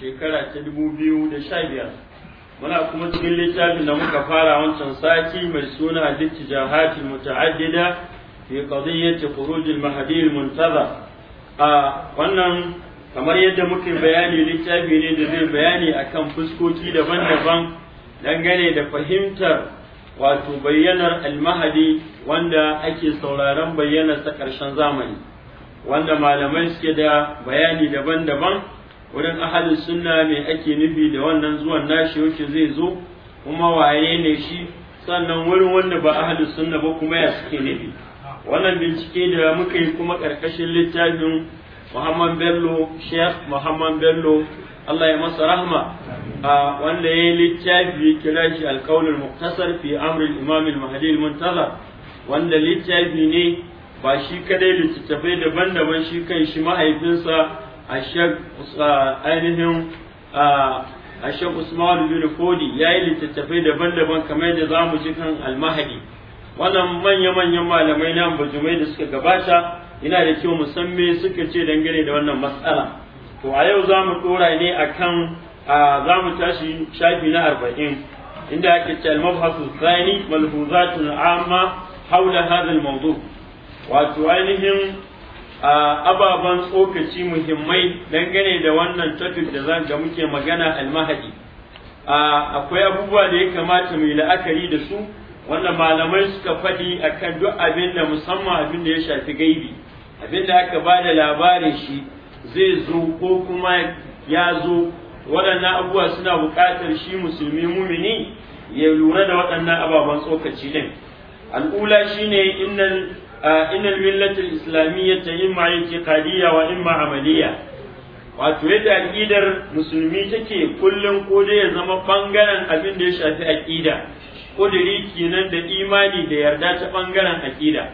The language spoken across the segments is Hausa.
shekara ta dubu biyu da sha biyar muna kuma cikin littafin da muka fara wancan sati mai suna littijahati muta'addida fi qadiyyati khuruj al-mahdi al a wannan kamar yadda muke bayani littafi ne da zai bayani akan fuskoki daban-daban dangane da fahimtar wato bayyanar al-mahdi wanda ake sauraron bayyanarsa ƙarshen zamani wanda malamai suke da bayani daban-daban wurin ahalin sunna me ake nufi da wannan zuwan nashi yaushe zai zo kuma waye ne shi sannan wurin wanda ba ahalin sunna ba kuma ya suke nufi wannan bincike da muka yi kuma karkashin littafin Muhammad Bello Sheikh Muhammad Bello Allah ya masa rahma a wanda ya yi littafi kira shi alkaulul muktasar fi amrin imam al-mahdi al-muntazar wanda littafi ne ba shi kadai littattafai daban-daban shi kan shi mahaifinsa Uh, ainihin uh, ashek usman bin fodi ya yi littattafai daban-daban kamar yadda za mu ji kan almahadi wannan manya-manyan malamai na bajumai da suka gabata yana da kyau musamman suka ce dangane da wannan matsala to a yau za mu ɗora ne a kan uh, za mu tashi shafi na arba'in inda ake ce almabhasu tsani malhuzatun amma haula hadal mawdu wato ainihin ababen tsokaci muhimmai dangane da wannan tafiya da za ga muke magana almahadi akwai abubuwa da ya kamata mu yi la'akari da su wanda malamai suka faɗi akan duk abin da musamman abin da ya shafi gaibi abin da aka ba da labarin shi zai zo ko kuma ya zo waɗannan abubuwa suna buƙatar shi musulmi mumini ya lura da waɗannan ababen tsokaci ɗin al'ula shine innal ان الملة الإسلامية إما اعتقادية وإما عملية wato yadda aƙidar musulmi take kullum ko dai ya zama bangaren abin da ya shafi aƙida ƙudiri kenan da imani da yarda ta bangaren aƙida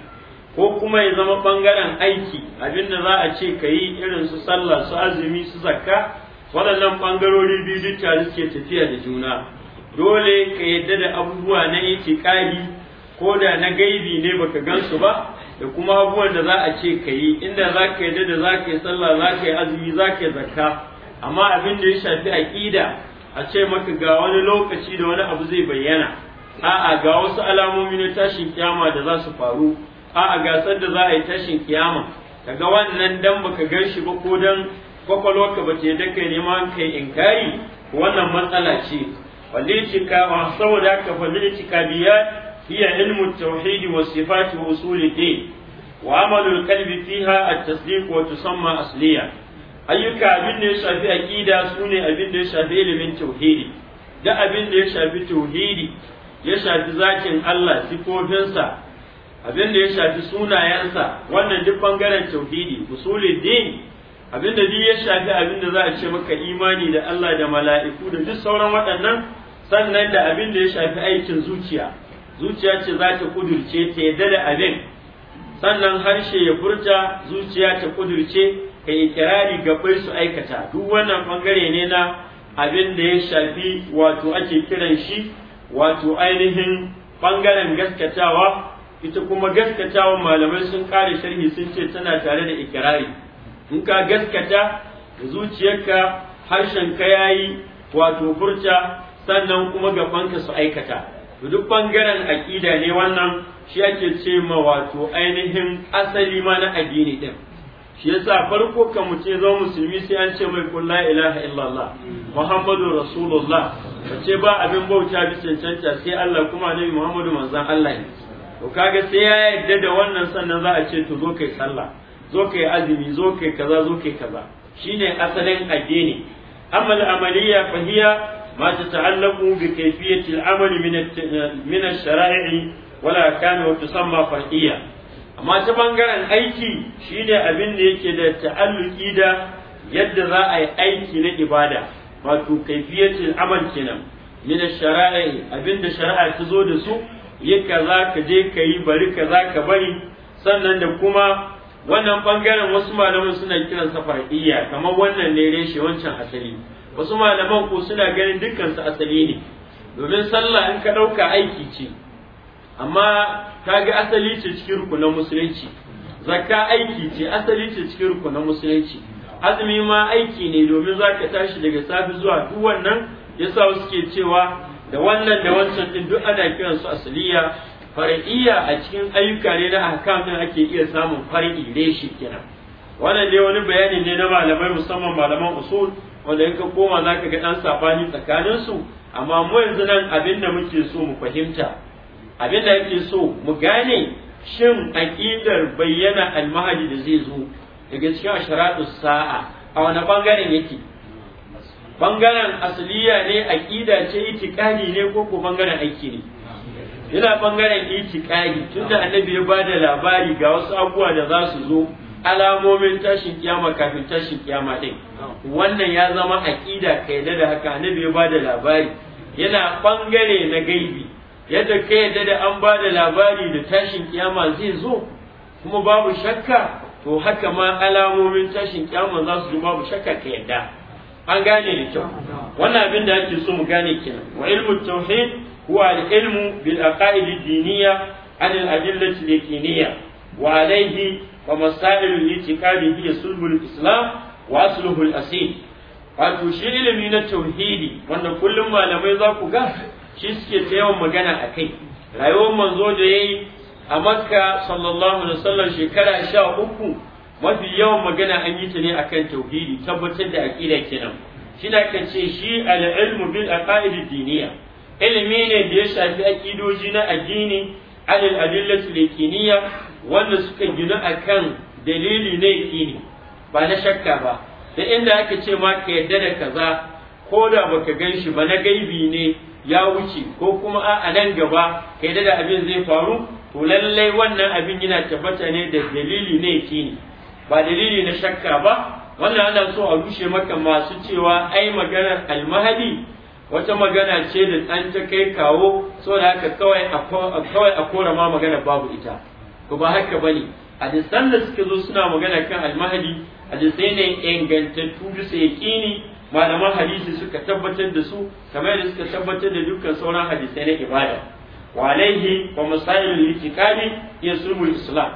ko kuma ya zama ɓangaren aiki abin da za a ce ka yi irin su sallah su azumi su zakka waɗannan ɓangarori biyu duk tare suke tafiya da juna dole ka yadda da abubuwa na itikadi ko da na gaibi ne baka gansu ba da kuma abubuwan da za a ce ka yi inda za ka yi da za ka yi sallah za ka yi azumi za ka yi zakka amma abin da ya shafi aƙida a ce maka ga wani lokaci da wani abu zai bayyana a'a ga wasu alamomi na tashin kiyama da za su faru a'a gasar da za a yi tashin kiyama kaga wannan dan baka gan shi ba ko dan ka ba ce da kai neman kai inkari wannan matsala ce wanda ya cika saboda ka fadli cika biyar هي علم التوحيد وصفات وصول الدين وعمل القلب a التصديق وتسمى أصلية أيك أبن يشافي أكيدا سوني أبن يشافي من توحيدي da abin da ya shafi tauhidi ya shafi zakin Allah sifofinsa abin da ya shafi sunayensa wannan duk bangaren tauhidi usulul din abin da duk ya shafi abin da za a ce maka imani da Allah da mala'iku da duk sauran waɗannan sannan da abin da ya shafi aikin zuciya zuciya ce za ta kudurce ta yadda da abin sannan harshe ya furta zuciya ta kudurce ka yi kirari bai su aikata duk wannan bangare ne na abin da ya shafi wato ake kiran shi wato ainihin bangaren gaskatawa ita kuma gaskatawa malamai sun kare sharhi sun ce tana tare da ikirari in ka gaskata da zuciyarka ka yayi wato furta sannan kuma gabanka su aikata duk bangaren aƙida ne wannan shi ake ce ma wato ainihin asali ma na addini din shi yasa farko kan ce zo musulmi sai an ce mai kulla ilaha illallah muhammadu rasulullah ce ba abin bauta bi cancanta sai Allah kuma nabi muhammadu manzon Allah ne to kaga sai ya yarda da wannan sannan za a ce to zo kai sallah zo kai azumi zo kai kaza zo kai kaza shine asalin addini amma al-amaliya fahiya ما تتعلق بكيفية العمل من من الشرائع ولا كان وتسمى فرعية amma ta bangaren aiki shine abin da yake da ta'alluki da yadda za a yi aiki na ibada wato kaifiyatul amal kenan min shara'i abin da shari'a ta zo da su yi kaza ka je ka yi bari kaza ka bari sannan da kuma wannan bangaren wasu malamin suna kiransa far'iyya kamar wannan ne reshe wancan asali wasu malaman ko suna ganin dukkan asali ne domin sallah in ka ɗauka aiki ce amma ka ga asali ce cikin rukunan musulunci zakka aiki ce asali ce cikin rukunan musulunci azumi ma aiki ne domin za ka tashi daga safi zuwa duk wannan yasa suke cewa da wannan da wancan din duk ana kiran su asaliya far'iyya a cikin ayyuka ne na ahkam din ake iya samun far'i reshe kenan wannan dai wani bayani ne na malamai musamman malaman usul wanda in ka koma za ka ga ɗan sabani tsakaninsu amma mu yanzu nan abin da muke so mu fahimta abin da yake so mu gane shin aƙidar bayyana almahadi da zai zo daga cikin asharatu sa'a a wani bangaren yake bangaren asaliya ne aƙida ce itikadi ne ko ko bangaren aiki ne yana bangaren itikadi tunda annabi ya bada labari ga wasu abubuwa da za su zo alamomin tashin kiyama kafin tashin kiyama din wannan ya zama aqida ka yadda da haka annabi ya da labari yana bangare na gaibi yadda ka yadda da an ba da labari da tashin kiyama zai zo kuma babu shakka to haka ma alamomin tashin kiyama za su babu shakka ka yadda an gane da kyau wannan abin da ake so mu gane kenan wa ilmu tauhid huwa al-ilmu bil aqaid diniya diniyya an al-adillati al wa alayhi fa masailul itiqadi hiya sulbul islam wa asluhul wato shi ilimi na tauhidi wanda kullum malamai za ku ga shi suke ta yawan magana a kai rayuwar manzo da yayi a makka sallallahu alaihi wasallam shekara sha uku mafi yawan magana an yi ta ne akan tauhidi tabbatar da aƙida kenan shi da ce shi al-ilmu bil aqaid diniya ilimi ne da ya shafi aƙidoji na addini alil adillatu likiniya wanda suka gina akan dalili ne kini ba na shakka ba da inda aka ce ma ka yadda da kaza ko da baka gan shi ba na gaibi ne ya wuce ko kuma a nan gaba ka yadda da abin zai faru to lallai wannan abin yana tabbata ne da dalili ne kini ba dalili na shakka ba wannan ana so a rushe maka masu cewa ai maganar almahadi wata magana ce da an ta kai kawo saboda haka kawai a kora ma magana babu ita ko ba haka bane hadisan da suka zo suna magana kan almahadi hadisai ne ingantattu sai yakini malaman hadisi suka tabbatar da su kamar da suka tabbatar da dukkan sauran hadisai na ibada wa alaihi wa masailul itiqadi yasubul islam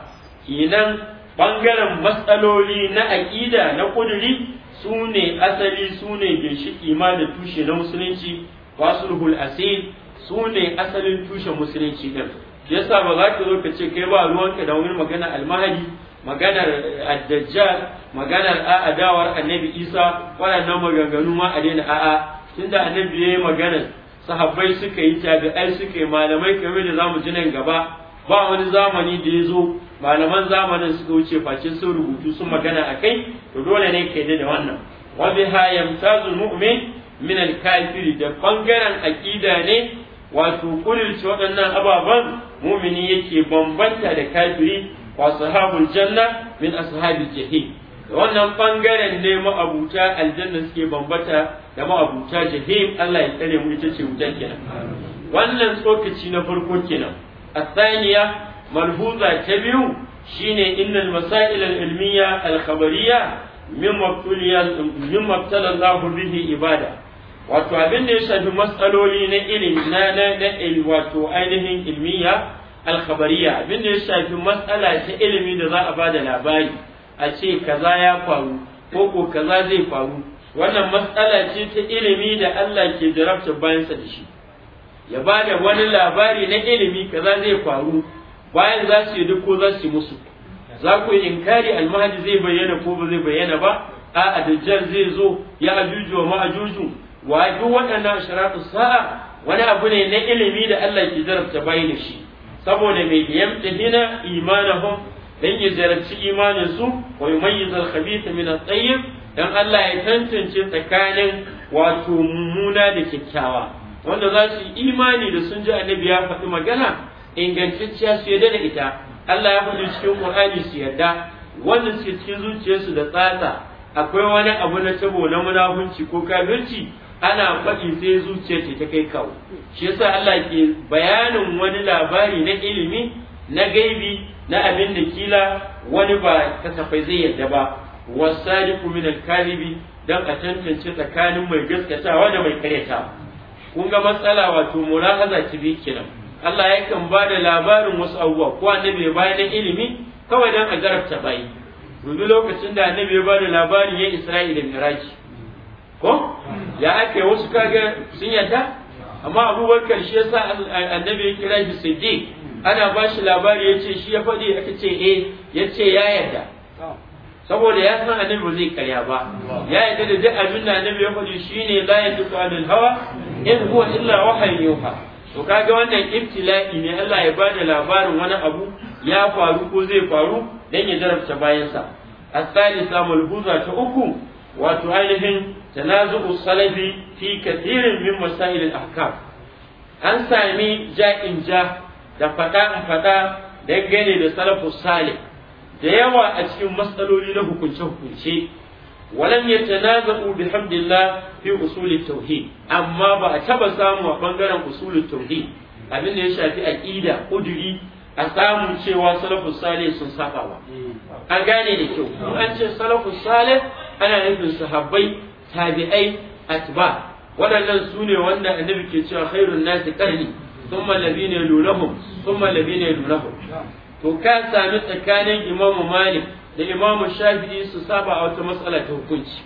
kenan ɓangaren matsaloli na aƙida na ƙuduri su ne asali su ne ginshiƙi ma da tushe na musulunci wasulhul asil su ne asalin tushe musulunci ɗin yasa ba za ka zo ka ce kai ba ruwanka da wani magana almahadi maganar addajjal maganar a'adawar annabi isa waɗannan maganganu ma a daina a'a tunda annabi ya yi maganar sahabbai suka yi tabi'ai suka yi malamai kamar da zamu ji nan gaba ba wani zamani da ya zo malaman zamanin suka wuce face sun rubutu sun magana a kai to dole ne ka yi da wannan wa biha yamtazu mu'min min al-kafiri da bangaren aqida ne wato shi waɗannan ababan mumini yake bambanta da kafiri wa sahabul janna min ashabil jahim da wannan bangaren ne ma'abuta aljanna suke bambata da ma'abuta jahim Allah ya tsare mu ita ce wutar kenan wannan tsokaci na farko kenan الثانية ملحوظة تبيو شين إن المسائل العلمية الخبرية مما ابتلى الله به عباده wato abin da ya shafi matsaloli na ilimi na na wato ainihin ilmiya alkhabariya abin da ya shafi matsala ta ilimi da za a ba da labari a ce kaza ya faru ko ko kaza zai faru wannan matsala ce ta ilimi da Allah ke jarabta bayansa da shi ya ba da wani labari na ilimi kaza zai faru bayan za su yi duk ko za su yi musu za ku yi inkari almahadi zai bayyana ko ba zai bayyana ba a dajjal zai zo ya ajuju wa ma'ajuju wa duk waɗannan sharatu sa'a wani abu ne na ilimi da Allah ke jarabta bayin shi saboda mai hina imanahum dan ya jarabci imanin su wa yumayyiz al-khabitha min at-tayyib dan Allah ya tantance tsakanin wato mummuna da kyakkyawa wanda za su imani da sun ji annabi ya faɗi magana ingantacciya su yadda da ita Allah ya faɗi cikin Qur'ani su yarda wanda suke cikin zuciyarsu da tsatsa akwai wani abu na tabo na munafunci ko kafirci ana faɗi sai zuciyar ce ta kai kawo shi yasa Allah ke bayanin wani labari na ilimi na gaibi na abin da kila wani ba kasafai zai yadda ba wasaliku min al-kadhibi dan a tantance tsakanin mai gaskatawa da mai karyata kun ga matsala wato mulahaza kibi kenan Allah yakan ba da labarin wasu abubuwa ko annabi ya bayar da ilimi kawai dan a garabta bayi domin lokacin da annabi ya ba da labarin ya Isra'ila Miraji ko ya ake wasu kaga sun yadda amma abubakar shi yasa annabi ya kira shi ana ba shi labari ya ce shi ya faɗi aka ce eh ya ce ya yadda saboda ya san annabi ba zai karya ba ya yadda da duk abin da annabi ya faɗi shine la yadda hawa in huwa illa wahayin yuha to kaga wannan ibtila'i ne Allah ya bada labarin wani abu ya faru ko zai faru dan ya jarabta bayansa asali samul malhuza ta uku wato ainihin tanazu'u salafi fi kathirin min masail al-ahkam an sami ja'in ja da fada in fada dangane da salafus salih da yawa a cikin matsaloli na hukunce hukunce ya ولم يتنازعوا بحمد الله في أصول التوحيد أما بعتبر سامو a أصول التوحيد abin da ya shafi aƙida ƙuduri a samun cewa salafu salih sun saba ba an gane da kyau in an ce salafu salih ana nufin sahabbai tabi'ai atba waɗannan su ne wanda annabi ke cewa khairun nasi qarni thumma alladhina yalunahum thumma alladhina yalunahum to ka sami tsakanin imamu malik da imamu shafi'i su saba a wata matsala ta hukunci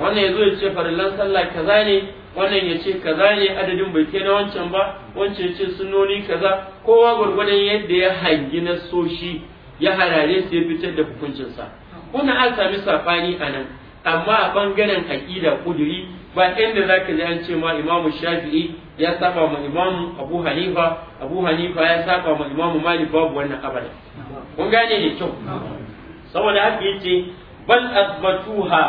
wannan yazo ya ce farillan sallah kaza ne wannan ya ce kaza ne adadin bai kai na wancan ba wancan ce sunoni kaza kowa gwargwadon yadda ya hangi na soshi ya harare su ya fitar da hukuncinsa Kuna an sami safani anan amma a bangaren aqida kuduri ba inda za ka ji an ce ma imamu shafi'i ya saba ma imam abu hanifa abu hanifa ya saba ma imam malik babu wannan abada kun gane ne kyau saboda haka yace bal azbatuha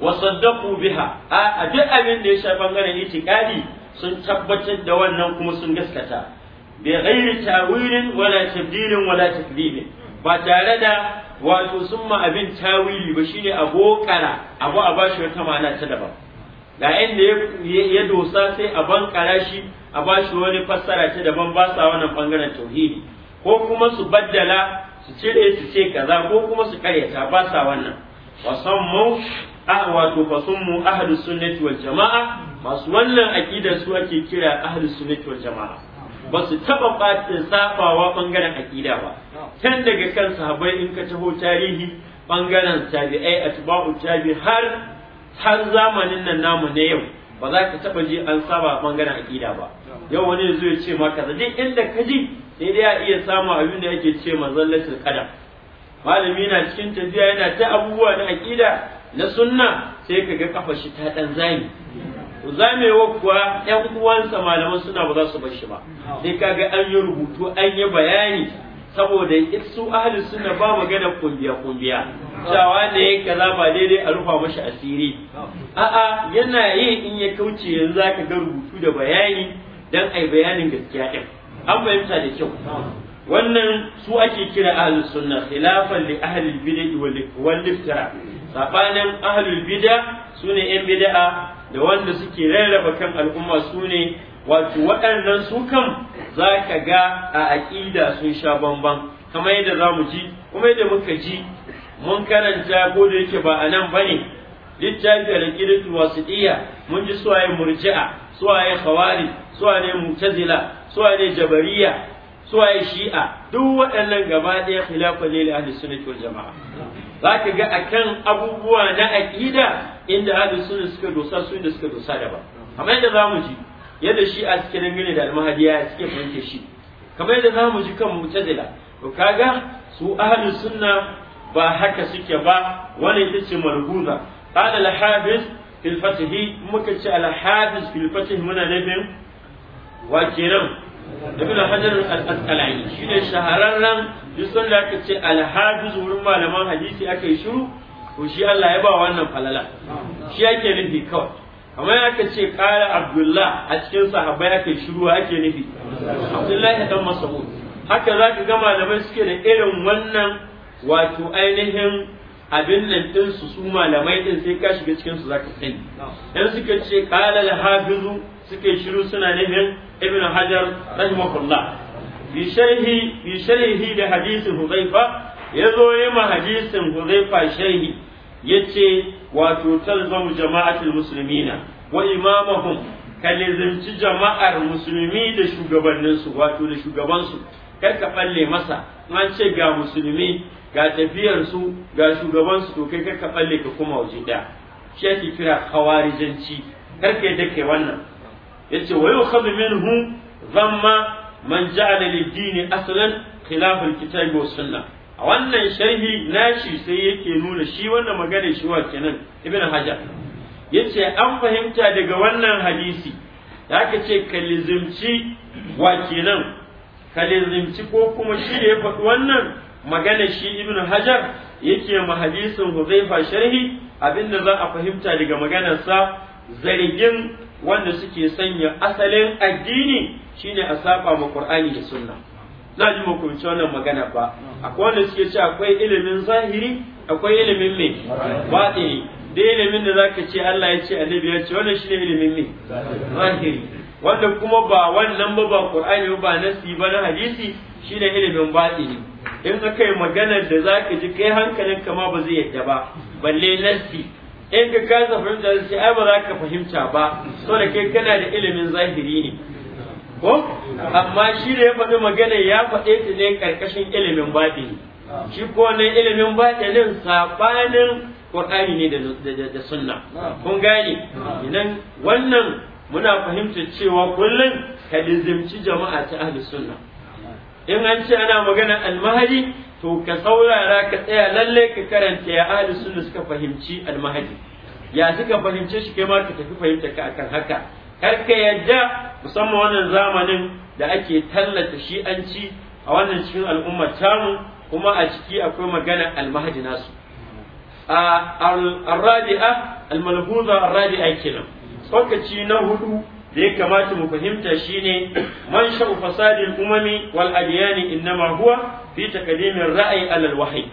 wa saddaqu biha a duk abin da ya shafi bangaren itikadi sun tabbatar da wannan kuma sun gaskata bi ghairi tawilin wala tabdilin wala takdibin ba tare da wato sun ma abin tawili ba shine a bokara abu a bashi wata ma'ana ta daban ga inda ya dosa sai a bankara shi a bashi wani fassara ta daban ba sa wannan bangaren tauhidi ko kuma su baddala su cire su ce kaza ko kuma su karyata ba sa wannan wa mu, ah wato fa ahlus sunnati wal jamaa masu wannan aƙida su ake kira ahlus sunnati wal jamaa ba su taɓa ɓatin safawa ɓangaren aƙida ba tun daga kan sahabbai in ka taho tarihi bangaren tabi'ai atba'u tabi har har zamanin nan namu na yau ba za ka taɓa ji an saba bangaren aƙida ba yau wani zai ce maka da inda ka ji sai dai a iya samu abin da yake ce mazallatul kada malami na cikin tafiya yana ta abubuwa na aƙida na sunna sai kaga kafa shi ta dan zami zamewa kuwa yan uwansa malaman suna ba za su bar shi ba sai kaga an yi rubutu an yi bayani saboda su ahli suna ba gada kungiya kungiya cewa ne kaza ba daidai a rufa mashi asiri a'a yana yi in ya kauce yanzu zaka ga rubutu da bayani dan ai bayanin gaskiya din an fahimta da kyau wannan su ake kira ahlus sunna khilafan li ahli bid'ah wal iftira sabanin ahlul bid'ah sune yan bid'a da wanda suke rarraba kan al'umma sune wato waɗannan su kan zaka ga a aqida sun sha bamban kamar yadda zamu ji kuma yadda muka ji mun karanta ko da yake ba anan bane littafi al-qidatu wasidiyya mun ji suwaye murji'a suwaye khawari suwaye mu'tazila suwaye ne jabariya suwaye shi'a duk waɗannan gaba ɗaya khilafa ne da ahli sunnati wal jama'a za ka ga akan abubuwa na aqida inda ahli sunna suka dosa su inda suka dosa daban kamar yadda zamu ji yadda shi'a suke dangane da almahadiya suke fahimta shi kamar yadda zamu ji kan mu'tazila to kaga su ahli sunna ba haka suke ba Wani ita ce Marguza. qala al-hafiz fil fath muka ce al-hafiz fil fath muna nabin wakilan ibn hajar al-asqalani ne shahararren duk da aka ce al-hafiz wurin malaman hadisi aka yi shiru to shi Allah ya ba wannan falala shi ake nufi kawai kamar aka ce qala abdullah a cikin sahabbai aka yi shiru ake nufi abdullahi dan mas'ud haka za ka ga malamai suke da irin wannan wato ainihin abin nan ɗinsu su malamai ɗin sai ka shiga cikinsu za ka sani. yanzu suka ce al hafizu suke shiru suna nufin ibn hajar rahimahullah bi sharhi bi sharhi da hadisin huzaifa yazo yi ma hadisin huzaifa sharhi yace wato talzamu jama'atul muslimina wa imamahum kalizanci jama'ar musulmi da shugabanninsu wato da shugabansu kar ka falle masa an ce ga musulmi ga tafiyarsu ga shugabansu to kai kar ka falle ka kuma waje da. shi ake kira hawarizanci. kar ka yadda kai wannan yace wa yukhadhu minhu dhamma man ja'ala lid-din aslan khilaf al-kitab wa sunnah a wannan sharhi nashi sai yake nuna shi wannan magana shi wa kenan ibn hajar yace an fahimta daga wannan hadisi da aka ce kalizimci wa kenan kalizimci ko kuma shi da ya faɗi wannan magana shi ibn hajar yake ma hadisin huzaifa sharhi abinda za a fahimta daga maganarsa zargin wanda suke sanya asalin addini shine a saba ma Qur'ani da Sunna na ji muku wannan magana ba akwai wanda suke ce akwai ilimin zahiri akwai ilimin me batini da ilimin da zaka ce Allah ya ce annabi ya ce wannan shine ilimin me zahiri wanda kuma ba wannan ba ba Qur'ani ba nasi ba na hadisi shine ilimin batini in aka yi maganar da zaka ji kai hankalin ma ba zai yadda ba balle nasi in ka kasa fahimta sai ai ba za ka fahimta ba da kai kana da ilimin zahiri ne ko amma shi da ya faɗi magana ya faɗe ta ne karkashin ilimin baɗi. shi ko ne ilimin baɗi ne sabanin Qur'ani ne da da sunna kun gane idan wannan muna fahimtar cewa kullum ka jama'a ta ahli sunna in an ce ana magana al-mahdi to ka saurara ka tsaya lalle ka karanta ya ahli sunna suka fahimci almahadi ya suka fahimce shi kai ma ka tafi fahimta ka akan haka kar ka yadda musamman wannan zamanin da ake tallata shi'anci a wannan cikin al'umma tamu kuma a ciki akwai magana almahadi nasu a arrabi'a almalhuza arrabi'a kenan tsokaci na hudu da ya kamata mu fahimta shine man sha'u fasadil umami wal adyani innama huwa fi taqdimir ra'ayi alal wahyi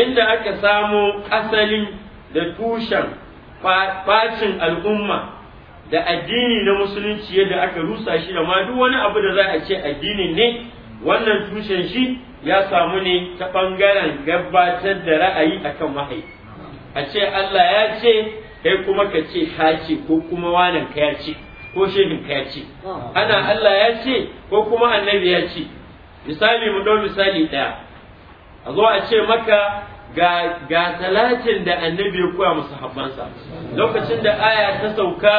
inda aka samo asalin da tushen bacin al'umma da addini na musulunci yadda aka rusa shi da ma duk wani abu da za a ce addini ne wannan tushen shi ya samu ne ta ɓangaren gabatar da ra'ayi akan wahayi a ce Allah ya ce kai kuma ka ce ka ce ko kuma wanan ka ya ce ko shehin ka ya ce ana Allah ya ce ko kuma annabi ya ce misali mu ɗau misali ɗaya a zo a ce maka ga ga talatin da annabi ya koya musu habbansa lokacin da aya ta sauka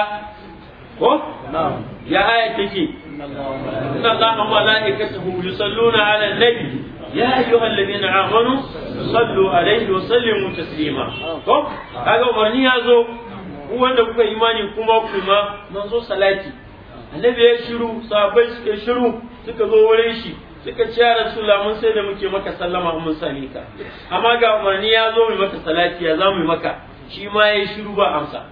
ko ya aya take inna allaha wa malaikatahu yusalluna ala nabi ya ayyuhal ladina amanu sallu alaihi wa sallimu taslima ko kaga umarni ya zo ku wanda kuka imani kuma kuma zo salati annabi ya shiru sahabbai suka shiru suka zo wurin shi suka ce ya rasulullah mun sai da muke maka sallama mun sani ka amma ga umarni ya zo mai maka salati ya za mu maka shi ma ya shiru ba amsa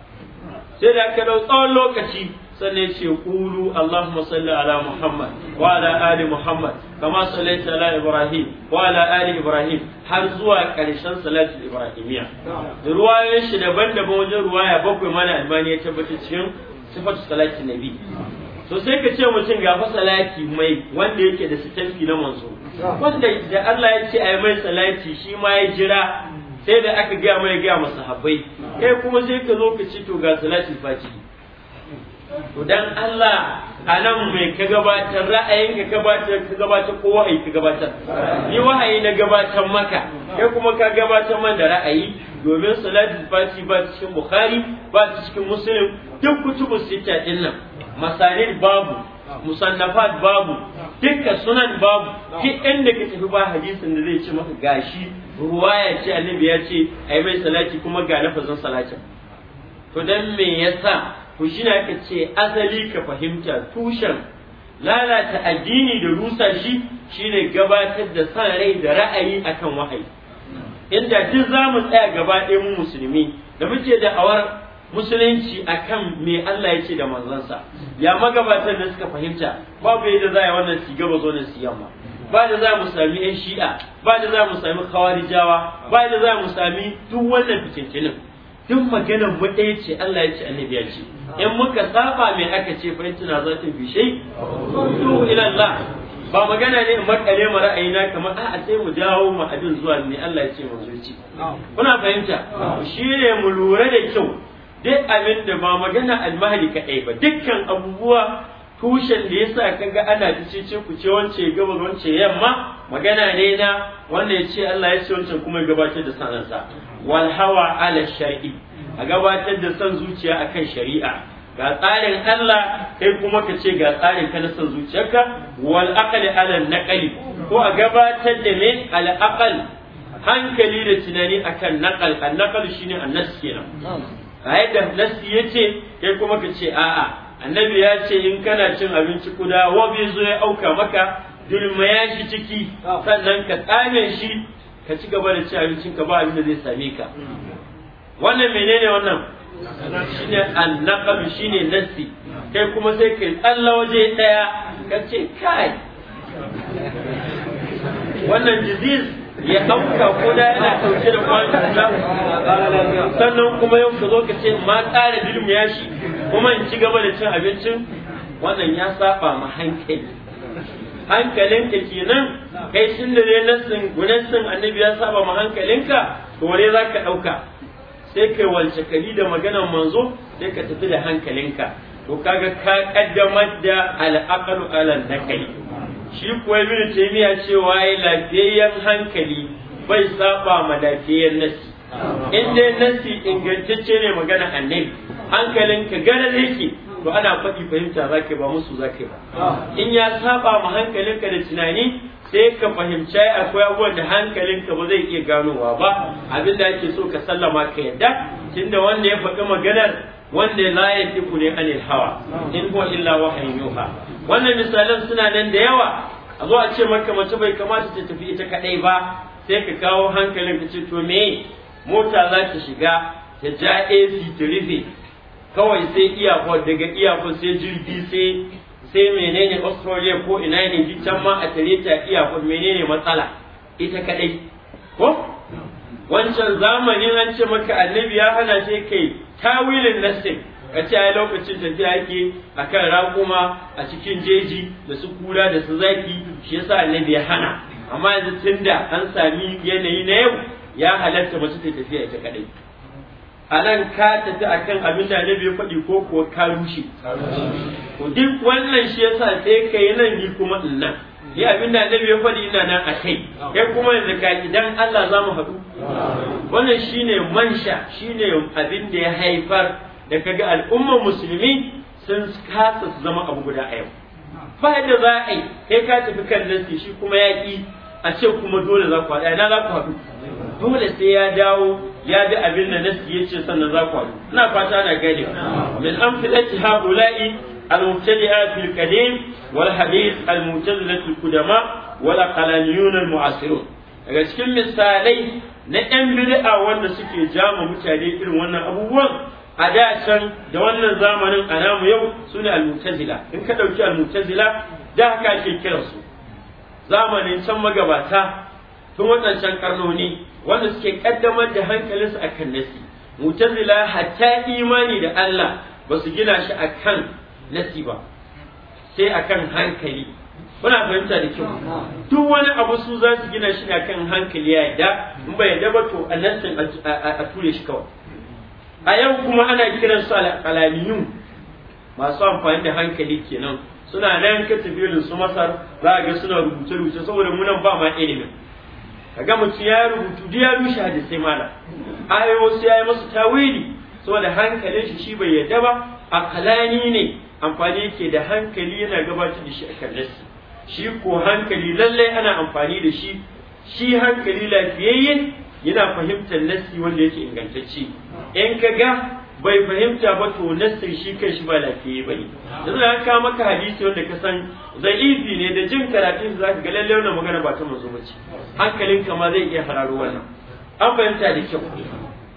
sai da aka dau tsawon lokaci sannan ce qulu allahumma salli ala muhammad wa ala ali muhammad kama sallaita ala ibrahim wa ala ali ibrahim har zuwa karshen salatul ibrahimiyya ruwayoyin shi daban-daban wajen ruwaya bakwai mana almani ya tabbatar cikin sifatu na nabi to sai ka ce mutum ga fa salati mai wanda yake da sitanki na manzo wanda da Allah ya ce ai mai salati shi ma ya jira sai da aka gaya mai gaya masa kai kuma sai ka zo ka ci to ga salati fati to Allah a nan mai ka gabatar ra'ayinka ka gabatar ka gabatar ko wahayi ka gabatar ni wahayi na gabatar maka kai kuma ka gabatar man da ra'ayi domin salatu fati ba cikin bukhari ba cikin muslim duk kutubu sita din nan babu musannafat babu dukka sunan babu ki inda ka tafi ba hadisin da zai ce maka gashi ruwaya ce annabi ya ce ai mai salati kuma ga nafazin salatin to dan me yasa to shi ne ka ce asali ka fahimta tushen lalata addini da rusa shi shi ne gabatar da san rai da ra'ayi akan wahayi inda duk za mu tsaya gaba ɗaya mu musulmi da muke da awar musulunci akan me Allah ya ce da manzansa ya magabatar da suka fahimta babu yadda za a yi wannan su gaba zo nan su yamma ba da za mu sami yan shi'a ba da za mu sami khawarijawa ba da za mu sami duk wannan fitintinin duk maganar mu ɗaya ce Allah ya ce annabi ya ce in muka saba mai aka ce fa in tuna zatin bishai shay tu ila Allah ba magana ne in makale mu ra'ayina kamar a'a sai mu dawo mu abin zuwa ne Allah ya ce mu zuci kuna fahimta shi ne mu lura da kyau duk abin da ba magana almahali kaɗai ba dukkan abubuwa tushen da yasa kaga ana cece ku ce wance gaba wance yamma magana ne na wanda ya ce Allah ya ce wancan kuma ya gabatar da sanansa wal hawa ala shar'i a gabatar da son zuciya akan shari'a ga tsarin Allah kai kuma ka ce ga tsarin ka na son zuciyarka wal aqli ala naqli ko a gabatar da ne al aqal hankali da tunani akan naqal al naqal shine annas kenan a yadda nasi yace kai kuma ka ce a'a annabi ya ce in kana cin abinci kuda wabi zo ya auka maka dulma ya shi ciki sannan ka tsame shi ka ci gaba da ci abincin ka ba abin da zai same ka wannan menene wannan shine annaqam shine nassi kai kuma sai kai tsalla waje daya ka ce kai wannan disease ya ɗauka ko da yana ɗauke da kwanan cuta sannan kuma yau ka zo ka ce ma tsara dilmu ya shi kuma in ci gaba da cin abincin wannan ya saba ma hankali hankalinka kenan kai tun da ne nassin gunassin annabi ya saba ma hankalinka to wane za ka ɗauka sai kai walce kali da maganar manzo sai ka tafi da hankalinka to kaga ka kaddamar da al'aqalu ala nakali shi kuwa ibn taymiya cewa ya lafiyayyen hankali bai saba ma lafiyayyen nassi in dai nassi ingantacce ne magana annabi hankalinka gara yake to ana faɗi fahimta ka ba musu ka ba ah. in ya saba ma hankalinka da tunani sai ka fahimci akwai abubuwan da hankalinka ba zai iya ganowa ba abin da ake so ka sallama ka yadda tunda wanda ya faɗi maganar wanda la tiku ne anil hawa ah. in ko illa wahayin yuha wannan misalan suna nan da yawa a zo a ce maka mace bai kamata ta tafi ita kaɗai ba sai ka kawo hankalin ka ce to me mota za ta shiga ta ja AC ta rufe kawai sai iyakon daga iyakon sai jirgi sai sai menene australia ko ina ne ji can ma a tare ta iyakon menene matsala ita kadai ko wancan zamanin an ce maka annabi ya hana shi kai tawilin nassin ka ce ai lokacin tafiya yake akan raƙuma a cikin jeji da su kura da su zaki shi yasa annabi ya hana amma yanzu tunda an sami yanayi na yau ya halatta mace ta tafiya ita kadai a nan ka tafi a kan abin da annabi ya faɗi ko kuwa ka rushe duk wannan shi yasa sai ka yi nan ni kuma in nan ya abin da annabi ya faɗi ina nan a kai ya kuma yanzu ka idan Allah za mu haɗu wannan shine mansha shine abin da ya haifar da kaga al'ummar musulmi sun kasa su zama abu guda a yau ba da za a yi kai ka tafi kan nasi shi kuma ya a ce kuma dole za ku haɗu ina za ku haɗu dole sai ya dawo ya bi abin da nasi ya ce sannan za ku ina fata ana gane min an fidati haula'i al-mubtadi'a fil qadim wal hadith al-mutazilatu al-qudama wal qalaniyun al mu'asiru. daga cikin misalai na yan bid'a wanda suke jama mutane irin wannan abubuwan a da can da wannan zamanin a namu yau suna al-mutazila in ka dauki al-mutazila da haka ake kiransu zamanin can magabata tun waɗancan karnoni wanda suke kaddamar da hankalinsu a kan nasi mutazila hatta imani da Allah ba su gina shi akan nasi ba sai akan hankali kuna fahimta da kyau duk wani abu su za su gina shi akan hankali ya yadda in bai yadda ba to a nasi a ture shi kawai a yau kuma ana kiran su al'alamiyun masu amfani da hankali kenan suna nan katabilin su masar za a ga suna rubuce-rubuce saboda munan ba ma ilimin Ka kaga mutum ya rubutu duk ya rushe hadisai mana ayo wasu ya yi masu tawili saboda hankalin shi shi bai yadda ba a kalani ne amfani yake da hankali yana gabatar da shi a kallasi shi ko hankali lallai ana amfani da shi shi hankali lafiyayye yana fahimtar nasi wanda yake ingantacce in ka ga bai fahimta ba to nassin shi kai shi ba lafiye ba ne yanzu ya ka maka hadisi wanda ka san za'izi ne da jin karatun za ka ga lallai wannan magana ba ta mazo bace hankalin kama zai iya hararo wannan an fahimta da kyau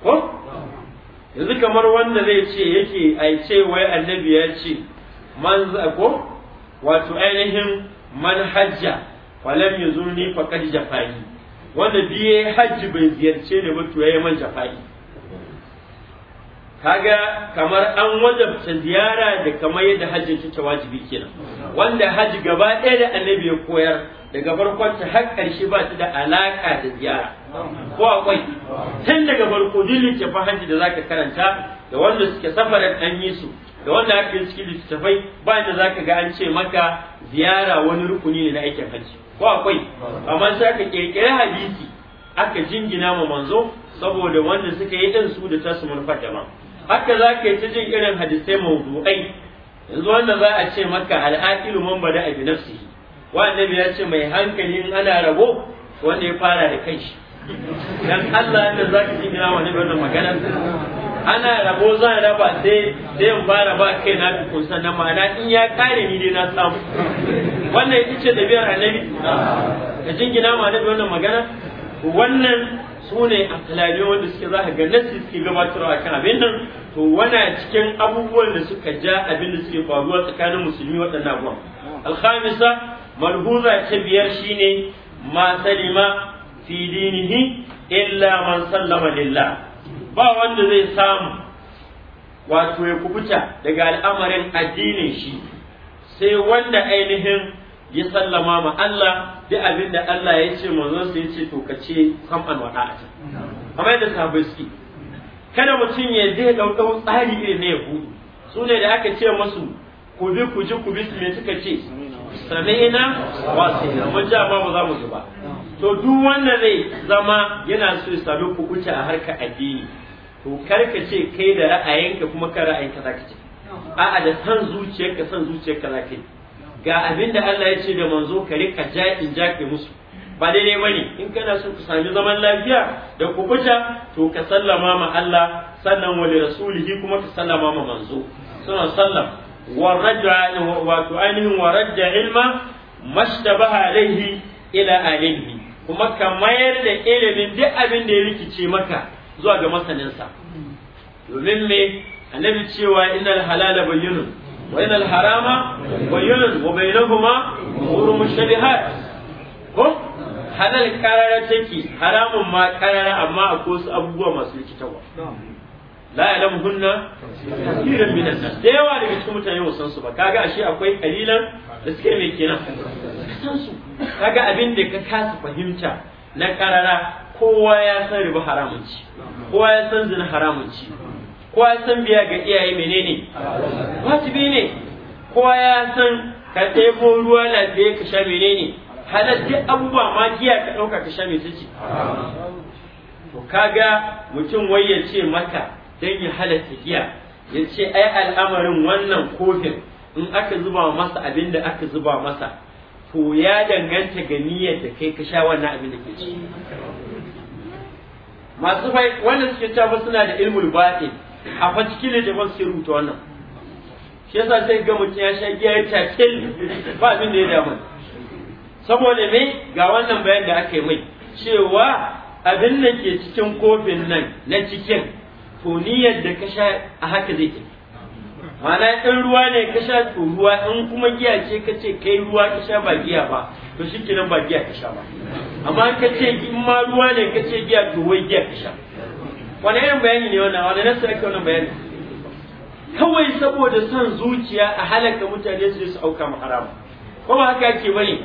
ko yanzu kamar wanda zai ce yake a ce wai annabi ya ce man ko wato ainihin man hajja falam yuzuni faqad jafai wanda biye hajji bai ziyarce ne ba to yayi man jafai kaga kamar an wajabta ziyara da kamar yadda hajji take wajibi kenan wanda hajji gaba ɗaya da annabi ya koyar daga farkon ta har ƙarshe ba ta da alaka da ziyara ko akwai tun daga farko dillin tafi hajji da zaka karanta da wanda suke safarar an yi su da wanda aka yi cikin littattafai ba da zaka ga an ce maka ziyara wani rukuni ne na aikin hajji ko akwai amma sai ka kirkiri hadisi aka jingina ma manzo saboda wanda suka yi ɗansu da tasu manufar daban haka za ka yi ta jin irin hadisai mawudu'ai yanzu wanda za a ce maka al'aqilu man bada bi nafsihi wa annabi ya ce mai hankali in ana rabo wanda ya fara da shi dan Allah da za ka ji gina wani wannan magana ana rabo za a raba sai sai in fara ba kai na fi kusa na ma'ana in ya kare ni dai na samu wannan ita ce da biyar annabi ka jingina ma annabi wannan magana wannan Sune ne akalami wanda suke za ka ga nassi suke gabatarwa kan abin nan to wana cikin abubuwan da suka ja abin da suke faruwa tsakanin musulmi waɗannan abubuwan alhamisa malhuza ta biyar shine ma salima fi dinihi illa man sallama lillah ba wanda zai samu wato ya kubuta daga al'amarin addinin shi sai wanda ainihin ya sallama ma Allah duk abin da Allah ya ce manzon sa ya ce to ka ce kam an wada a can amma yadda sahabbai suke kada mutum ya je ɗauɗau tsari irin na ku su ne da aka ce musu ku bi ku ji ku bi su me suka ce sami'na wa mun ji amma ba za mu ji ba to duk wanda zai zama yana so ya sami ku kuce a harka addini to kar ka ce kai da ra'ayinka kuma ka ra'ayinka za ce a'a da san zuciyarka san zuciyarka za ka ga abin da Allah ya ce da manzo ka rika jaƙin jaƙe musu ba daidai bane in kana so ku sami zaman lafiya da ku kubuta to ka sallama ma Allah sannan wa li rasulihi kuma ka sallama ma manzo suna sallam wa raj'a wa tu'anihi wa raj'a ilma mashtabaha alaihi ila alihi kuma ka mayar da ilimin duk abin da ya rikice maka zuwa ga masaninsa domin me annabi cewa innal halala bayyinun وإن الحرام بين وبينهما أمور مشتبهات ko halal karara take haramun ma karara amma akwai wasu abubuwa masu rikitarwa la ya'lamu hunna kathiran min an-nas da yawa daga cikin mutane ba san su ba kaga ashe akwai kalilan da suke mai kenan san su kaga abin da ka kasa fahimta na karara kowa ya san riba kowa ya san zina haramun ci kowa ya san biya ga iyaye menene wajibi ne kowa ya san ka ɗebo ruwa na tsaye ka sha menene halar duk abubuwa ma giya ka ɗauka ka sha mai ciki to kaga mutum wai ya ce maka don ya halatta giya ya ce ai al'amarin wannan kofin in aka zuba masa abin da aka zuba masa to ya danganta ga niyyar da kai ka sha wannan abin da ke ci masu fai wannan suke cewa suna da ilmul batin a fa cikin littafin sai rubuta wannan shi yasa sai ga mutum ya sha giya ya takel ba abin da ya damu saboda me ga wannan bayan da aka yi mai cewa abin da ke cikin kofin nan na cikin to niyyar da ka sha a haka zai tafi mana in ruwa ne ka sha to ruwa in kuma giya ce ka ce kai ruwa ka sha ba giya ba to shi kenan ba giya ka sha ba amma ka ce in ma ruwa ne ka ce giya to wai giya ka sha wani irin bayani ne wannan wani nasu ake wannan bayani kawai saboda son zuciya a halaka mutane su su auka muharamu. ko ba haka ake bane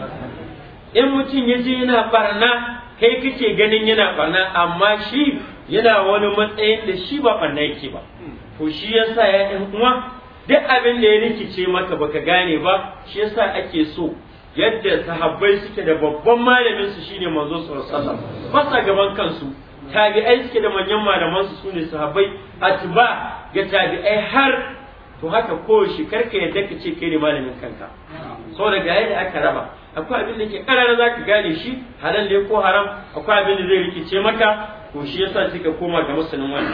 in mutum ya je yana barna kai kake ganin yana barna amma shi yana wani matsayin da shi ba barna yake ba to shi yasa ya ɗan uwa duk abin da ya rikice maka baka gane ba shi yasa ake so yadda sahabbai suke da babban malamin su shine manzo sallallahu alaihi wasallam masa gaban kansu tabi'ai suke da manyan malaman su sune sahabbai atba ga tabi'ai har to haka ko shi karka yadda ka ce kai ne malamin kanka saboda ga yadda aka raba akwai abin da ke karara za ka gane shi halal ne ko haram akwai abin da zai rikice maka ko shi yasa ka koma ga masanin wannan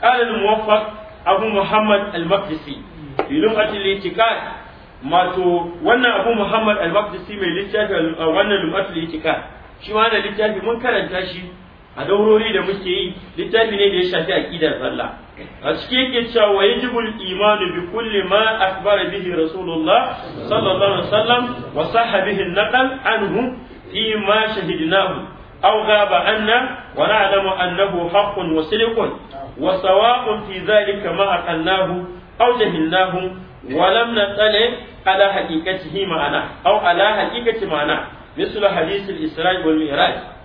qala al-muwaffaq abu muhammad al-maqdisi fi lum'ati al-i'tiqad mato wannan abu muhammad al-maqdisi mai littafin wannan lum'ati al-i'tiqad shi ma littafi mun karanta shi a daurori da muke yi littafi ne da ya shafi aqidar sallah a cikin yake cewa wa yajibul imanu bi kulli ma akhbara bihi rasulullah sallallahu alaihi wasallam wa sahha bihi naqal anhu fi ma shahidnahu aw ghaba anna wa na'lamu annahu haqqun wa silikun wa sawa'un fi dhalika ma aqalnahu aw jahilnahu wa lam natale ala haqiqatihi ma'ana aw ala haqiqati ma'ana mislu hadith al-isra' wal mi'raj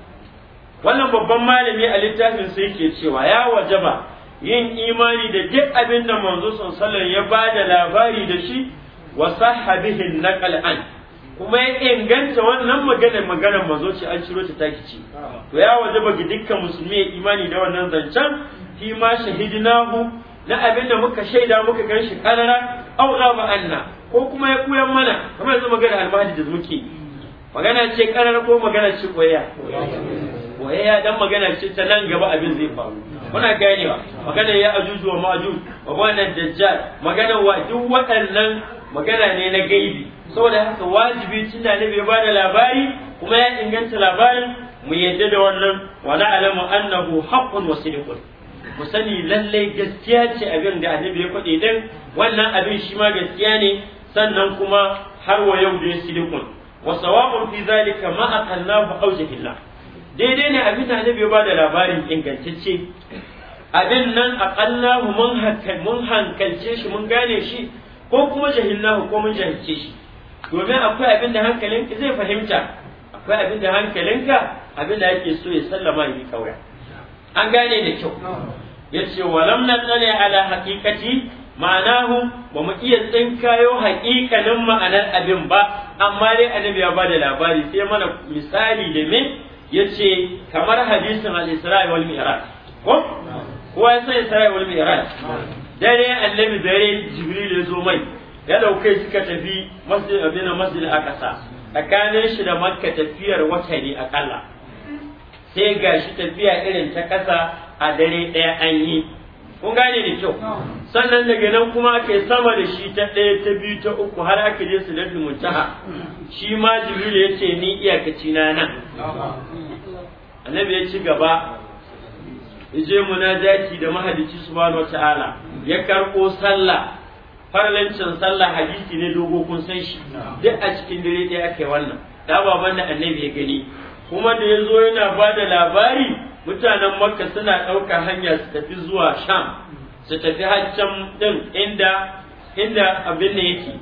wannan babban malami a littafin sai ke cewa ya wajaba yin imani da duk abin da manzo sallallahu ya ba da labari da shi wa sahabihin naqal an kuma ya inganta wannan maganar maganar manzo ce an ciro ta takici to ya wajaba ga dukkan musulmi imani da wannan zancen fi ma shahidnahu na abin da muka shaida muka gan shi karara aw ghaba anna ko kuma ya kuyan mana kamar yanzu maganar almahdi da muke magana ce karara ko magana ce koyya wayaya eh, dan magana shi ta nan gaba abin zai faru muna ganewa magana ya ajuju wa wa wannan dajjal magana wa duk waɗannan magana ne na gaibi saboda haka wajibi da ne bai bada labari kuma ya inganta labarin mu yadda da wannan wa na'lamu annahu haqqun wa sidiqun mu sani lallai gaskiya ce abin da annabi ya faɗi din wannan abin shi ma gaskiya ne sannan kuma har wa yau da sidiqun wa sawabun fi zalika ma aqallahu aw jahillahu daidai ne abin da annabi ya da labarin ingantacce abin nan a mun mun hankalce shi mun gane shi ko kuma jahilnahu ko mun jahilce shi domin akwai abin da hankalin zai fahimta akwai abin da hankalinka abin da yake so ya sallama yi kawai an gane da kyau Ya yace walam natsale ala haqiqati ma'anahu ba mu iya tsinkayo haƙiƙanin ma'anar abin ba amma dai annabi ya da labari sai mana misali da me yace kamar hadisin al-Isra'i wal Mi'raj ko ko ya sai Isra'i wal Mi'raj dare annabi dare Jibril ya zo mai ya dauke suka tafi masjid abin masjid Aqsa tsakanin shi da Makka tafiyar wata ne akalla sai gashi tafiya irin ta kasa a dare ɗaya an yi kun gane da kyau sannan daga nan kuma ke sama da shi ta ɗaya ta biyu ta uku har aka je su lafi muntaha shi ma jibril ya ce ni iyakaci na nan annabi ya ci gaba ya je munajati da mahalici subhanahu ta'ala ya karɓo sallah farlancin sallah hadisi ne dogo kun san shi duk a cikin dare ɗaya aka wannan da baban da annabi ya gani kuma da ya zo yana ba da labari mutanen makka suna ɗaukar hanya su tafi zuwa sham su tafi haccan ɗin inda inda abin da yake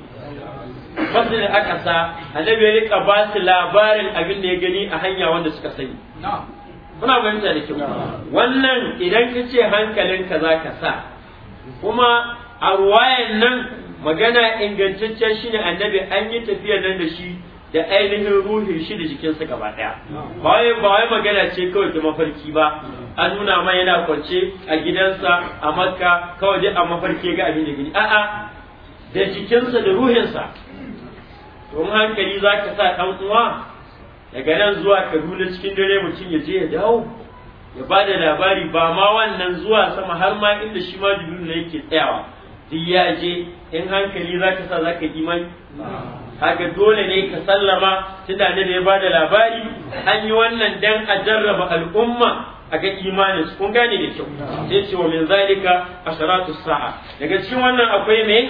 masjid aka sa annabi ya rika ba su labarin abin da ya gani a hanya wanda suka sani kuna fahimta da kyau wannan idan ka ce hankalinka za ka sa kuma a ruwayan nan magana ingantaccen shine annabi an yi tafiyar nan da shi da ainihin ruhin shi da jikinsa gaba ɗaya wai ba wai magana ce kawai da mafarki ba an nuna ma yana kwance a gidansa a makka kawai dai a mafarki ga abin da gani a'a da jikinsa da ruhinsa don hankali za ka sa dan uwa daga nan zuwa kaduna cikin dare mutum ya je ya dawo ya ba da labari ba ma wannan zuwa sama har ma inda shi ma dudu ne yake tsayawa duk ya je in hankali za ka sa za ka imani haka dole ne ka sallama tunda ne ya da labari an yi wannan dan a jarraba al'umma a ga imanin su kun gane da kyau sai ce wa min zalika asharatu sa'a daga cikin wannan akwai me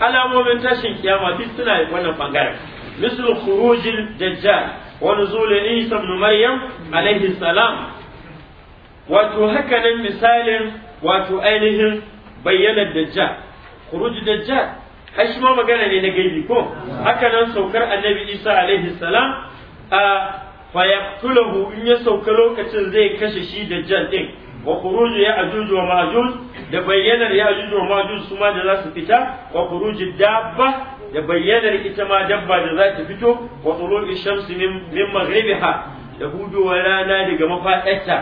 alamomin tashin kiyama duk suna wannan bangaren misal khurujil dajjal wa nuzul isa ibn maryam alaihi salam wato haka nan misalin wato ainihin bayyana dajjal khurujil dajjal ai ma magana ne na gaibi ko haka nan saukar annabi isa alaihi salam a yaqtuluhu in ya sauka lokacin zai kashe shi da jan din wa khuruju ya ajuj wa majuj da bayyanar ya ajuj wa majuj su ma da za su fita wa khuruju dabba da bayyanar ita ma dabba da za ta fito wa tulu'i shamsi min maghribiha da hudu wa rana daga mafadarta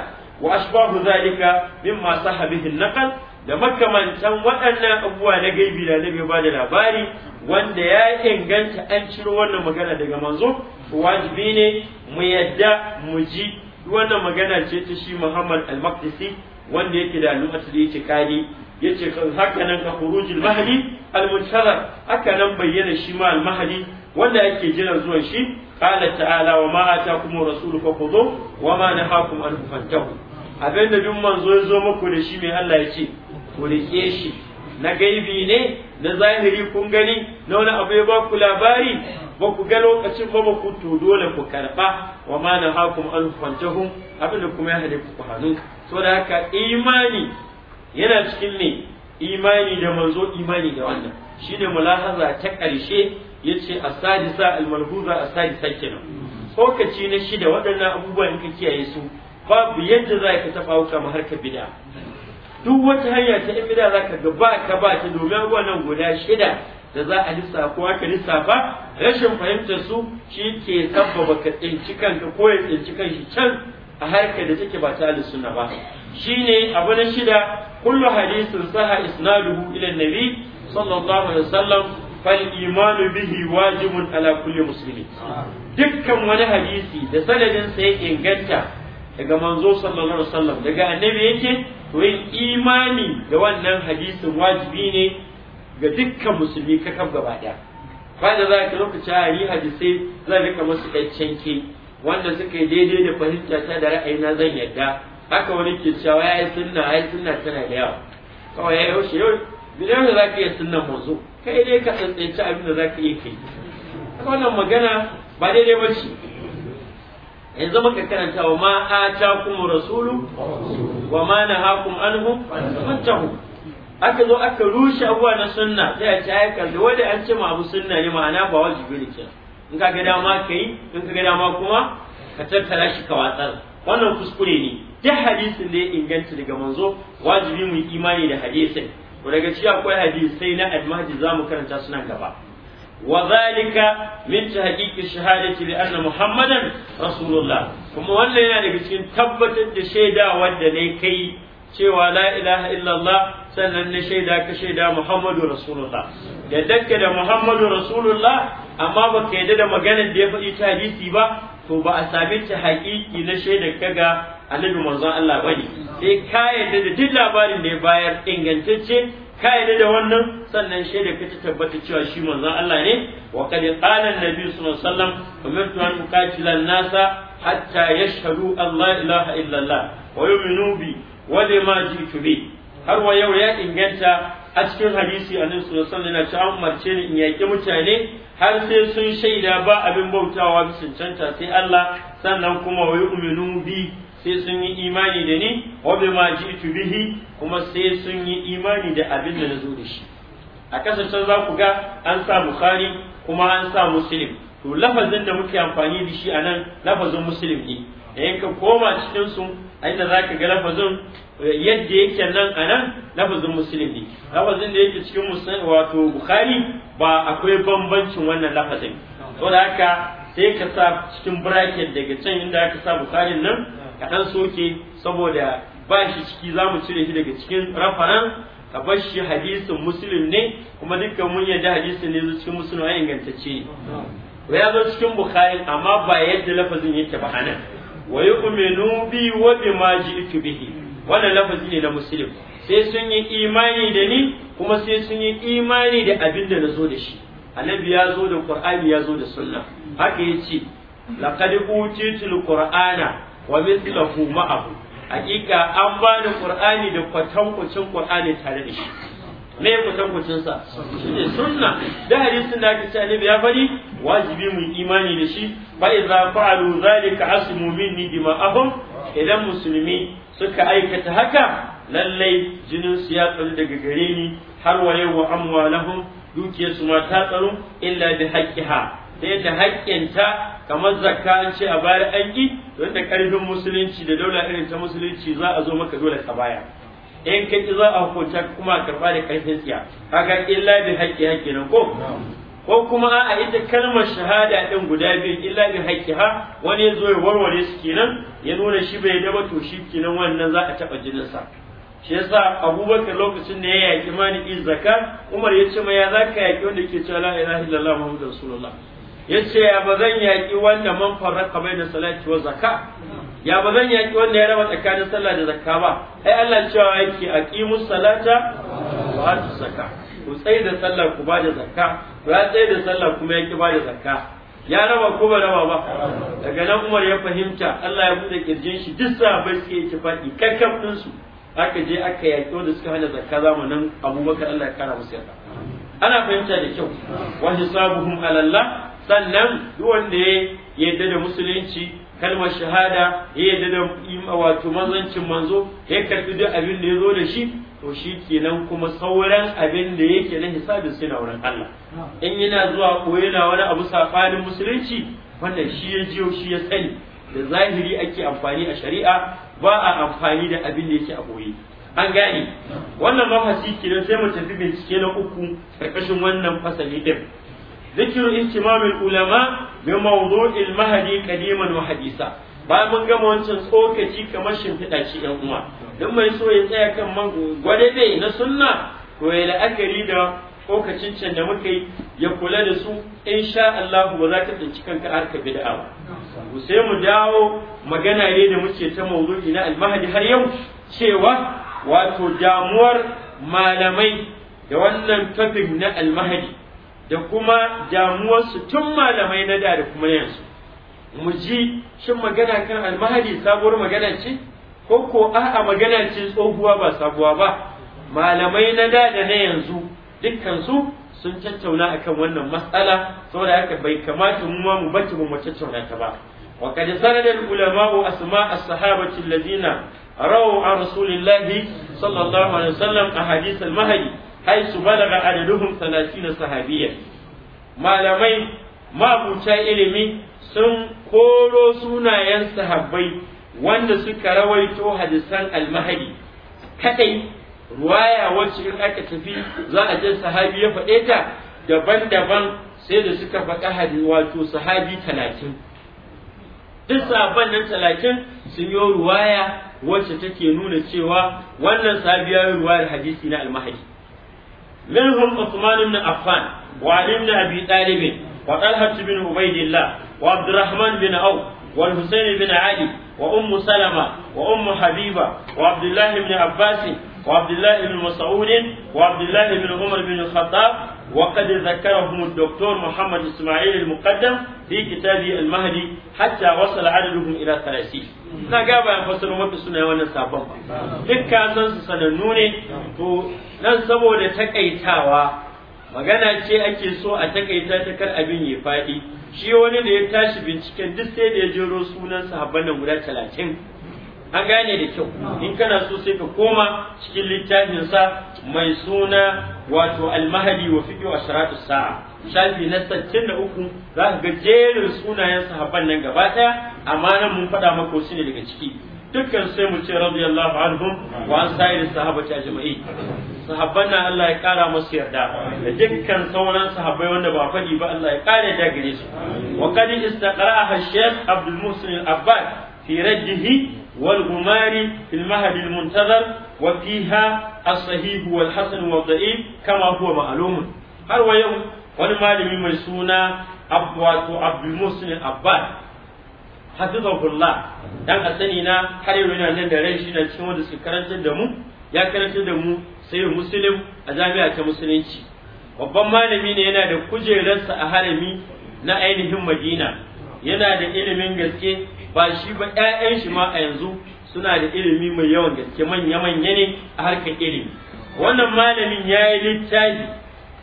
wa ashbahu zalika mimma sahabihi naqal da makamantan waɗannan abubuwa na gaibi da annabi ba da labari wanda ya inganta an ciro wannan magana daga manzo wajibi ne mu yadda mu ji wannan magana ce ta shi Muhammad al-Maqdisi wanda yake da al-Mu'tasil yake kadi yace kan haka nan ka khurujul mahdi al-muntazar haka nan bayyana shi ma al-mahdi wanda yake jiran zuwan shi qala ta'ala wa ma atakum rasulu fakhudhu wa ma nahakum anhu fantahu abinda duk manzo ya zo muku da shi mai Allah ya ce ku riƙe shi na gaibi ne na zahiri kun gani na wani abu ya ba ku labari ba ku ga lokacin ba ba ku to dole ku karɓa wa ma na hakum an kwantahum abin da kuma ya hade ku ku hannu so da haka imani yana cikin ne imani da manzo imani da wannan shine mulahaza ta ƙarshe yace a sadisa al-malhuza as-sadisa kenan lokaci na shida waɗannan abubuwan in ka kiyaye su babu yadda za ka taɓa wuka ma harka bid'a duk wata hanya ta in bida zaka ga ba ka ba ta domin wannan guda shida da za a lissafa ka lissafa rashin fahimtar su shi ke sabbaba ka tsinci kanka ko ya tsinci kanshi can a harkar da take ba ta suna ba ne abu na shida kullu hadisin saha isnaduhu ila nabi sallallahu alaihi wasallam fal imanu bihi wajibun ala kulli dukkan wani hadisi da sanadin sa ya inganta daga manzo sallallahu alaihi wasallam daga annabi yake to yin imani da wannan hadisin wajibi ne ga dukkan musulmi kakaf gaba daya bayan da za ka lokaci a yi hadisai zan rika masu ke. wanda suka yi daidai da fahimta ta da na zan yadda haka wani ke cewa ya yi sunna sunna tana da yawa kawai ya yaushe yau bidan da za ka iya sunnan manzo kai dai ka tsantsanci abin da za ka iya kai wannan magana ba daidai ba ce yanzu muka karanta wa ma kuma rasulu wa ma hakun anhu fantahu aka zo aka rushe abuwa na sunna sai a ce ai da wanda an ce abu sunna ne ma'ana ba wajibi ne kira. in ka ga dama kai in ka ga dama kuma ka tattara shi ka watsar wannan kuskure ne duk hadisin da ya inganta daga manzo wajibi mu imani da hadisin daga ci akwai hadisai na almahdi za mu karanta sunan gaba وذلك من تحقيق الشهادة لأن Kuma رسول yana daga cikin tabbatar da shaida wanda ودا kai cewa la ilaha illallah sannan na shaida ka shaida Muhammadu Da yaddanka da Muhammadu Rasulullah amma baka yarda da maganar da ya faɗi ta hadisi ba to ba a same ta haƙiƙi na shaida ka ga annabi manzon Allah bani. sai ka da duk labarin da ya bayar ingantacce ka da wannan sannan shaida ka ta tabbata cewa shi manzo Allah ne wa qad qala an-nabi sallallahu alaihi wasallam umirtu an nasa hatta yashhadu an la ilaha illa Allah wa yu'minu bi wa lima jitu bi har wa yau ya inganta a cikin hadisi a nan wasallam yana cewa an umarce ni in yaƙi mutane har sai sun shaida ba abin bautawa bisa canta sai Allah sannan kuma wa yu'minu bi sai sun yi imani da ni wa bima ji'tu bihi kuma sai sun yi imani da abin da nazo da shi a kasance za ku ga an sa bukhari kuma an sa muslim to lafazin da muke amfani da shi anan lafazin muslim ne da ka koma cikin su a inda za ka ga lafazin eh, yadda yake nan anan lafazin muslim ne lafazin da yake cikin muslim wato bukhari ba akwai bambancin wannan lafazin saboda haka sai ka sa cikin bracket daga can inda aka sa bukhari nan ka soke saboda ba shi ciki za mu cire shi daga cikin rafaran ka bar shi hadisin musulun ne kuma dukkan mun yadda hadisin ne zuwa cikin musulun ya ingantacce wa ya zo cikin bukhari amma ba yadda lafazin yake ba anan wa yu'minu bi wa bima ji'tu bihi wannan lafazi ne na musulun sai sun yi imani da ni kuma sai sun yi imani da abin da na zo da shi annabi ya zo da qur'ani ya zo da sunna haka yace laqad utitul qur'ana wa mithlahu ma'ahu hakika an bani qur'ani da kucin qur'ani tare da shi me kwatankwacin sa shine sunna da hadisin da aka ce ya bari wajibi mu imani da shi fa idza fa'alu zalika asmu minni dima'ahum idan musulmi suka aikata haka lallai jinin su ya tsari daga gare ni har wa yau wa amwalahum dukiyarsu ma ta tsaro illa bi haqqiha ta yadda haƙƙinta kamar zakka an ce a bayar an yi to yadda ƙarfin musulunci da daula irin ta musulunci za a zo maka dole ka baya in ka ƙi za a hukunta kuma karɓa da ƙarfin tsiya Haka illa bi haƙƙi haƙƙi nan ko ko kuma a ita kalmar shahada ɗin guda biyu illa bi ha, wani ya zo ya warware su kenan ya nuna shi bai da to shi kenan wannan za a taɓa jininsa shi yasa abubakar lokacin da ya yaƙi mani zakka umar ya ce ma ya za ka yaƙi wanda ke cewa la ilaha illallah muhammadu rasulullah yace ya ba zan yaƙi wanda man farraka bai da salati wa zakka ya ba zan yaƙi wanda ya raba tsakanin sallah da zakka ba ai Allah cewa yake aqimu salata wa atu zakka ku tsaye da sallah ku ba da zakka ya tsaye da sallah kuma yake ba da zakka ya raba ko ba raba ba daga nan Umar ya fahimta Allah ya bude kirjin shi duk sahabbai suke faɗi kakkam din su aka je aka yaƙi wanda suka hana zakka zamanin Abubakar Allah ya kara musu yarda ana fahimta da kyau wa hisabuhum ala Allah sannan duk wanda ya yadda da musulunci kalmar shahada ya yadda da wato manzancin manzo ya karbi duk abin da ya zo da shi to shi kenan kuma sauran abin da yake na hisabin na wurin Allah in yana zuwa ko na wani abu safarin musulunci wannan shi ya jiyo shi ya sani da zahiri ake amfani a shari'a ba a amfani da abin da yake a boye an gane wannan mafasi kenan sai mu tafi bincike na uku karkashin wannan fasali din ذكر اهتمام العلماء بموضوع المهدي قديما وحديثا bayan mun gama wancan tsokaci kamar shimfiɗa ci ɗan uwa don mai so ya tsaya kan man dai na sunna to ya la'akari da tsokacin can da muka yi ya kula da su in sha Allah ba za ka tsinci kanka harka bid'a ba sai mu dawo magana ne da muke ta mawdu'i na almahadi har yau cewa wato damuwar malamai da wannan tafin na almahadi da kuma damuwarsu tun malamai na da da kuma yanzu mu ji shin magana kan almahadi sabuwar magana ce ko ko a'a magana ce tsohuwa ba sabuwa ba malamai na da da na yanzu dukkan su sun tattauna akan wannan matsala saboda haka bai kamata mu ma mu bace mu tattauna ta ba wa kad sanada al-ulama'u asma' as-sahabati alladhina rawu an rasulillahi sallallahu alaihi wasallam ahadith al-mahdi haisu balaga adaduhum na sahabiyya malamai mabuta ilimi sun koro sunayen sahabbai wanda suka rawaito hadisan almahadi kadai ruwaya wacce in aka tafi za a je sahabi ya ta daban-daban sai da suka faɗa hadin wato sahabi talatin duk sahabban nan talatin sun yi ruwaya wacce take nuna cewa wannan sahabi ruwa da ruwayar hadisi na almahadi منهم عثمان بن عفان وعلي بن أبي طالب وطلحة بن عبيد الله وعبد الرحمن بن عوف والحسين بن علي وأم سلمة وأم حبيبة وعبد الله بن عباس وعبد الله بن مسعود وعبد الله بن عمر بن الخطاب وقد ذكرهم الدكتور محمد إسماعيل المقدم في كتابه المهدي حتى وصل عددهم إلى ثلاثين na ga bayan fasarin wata suna wannan sabon ba duk san su sanannu ne to nan saboda takaitawa magana ce ake so a takaita ta kar abin ya faɗi shi wani da ya tashi binciken duk sai da ya jero sunan sahabban nan guda talatin an gane da kyau in kana so sai ka koma cikin littafin sa mai suna wato almahadi wa fiqh wa sa'a shafi na 63 za ka ga jerin sunayen sahabban nan gaba daya amma nan mun faɗa maka wasu ne daga ciki dukkan sai mu ce radiyallahu anhum wa an sa'ir sahabati jama'i. sahabban nan Allah ya kara musu yarda da dukkan sauran sahabbai wanda ba faɗi ba Allah ya kare da gare su wa kad istaqra'a shaykh Abdul Muhsin al-Abbad في رجه والغمار في wafiha المنتظر وفيها الصحيح والحسن والضعيف كما هو معلوم har wa yau wani malami mai suna wato abdulmusulun abbas hafizahullah dan a sani na har yau yana nan da rai shi na cikin wanda suka karantar da mu ya karantar da mu sai musulun a jami'a ta musulunci babban malami ne yana da kujerarsa a harami na ainihin madina yana da ilimin gaske ba shi ba ƴaƴan shi ma a yanzu suna da ilimi mai yawan gaske manya manya ne a harkar ilimi wannan malamin ya yi littafi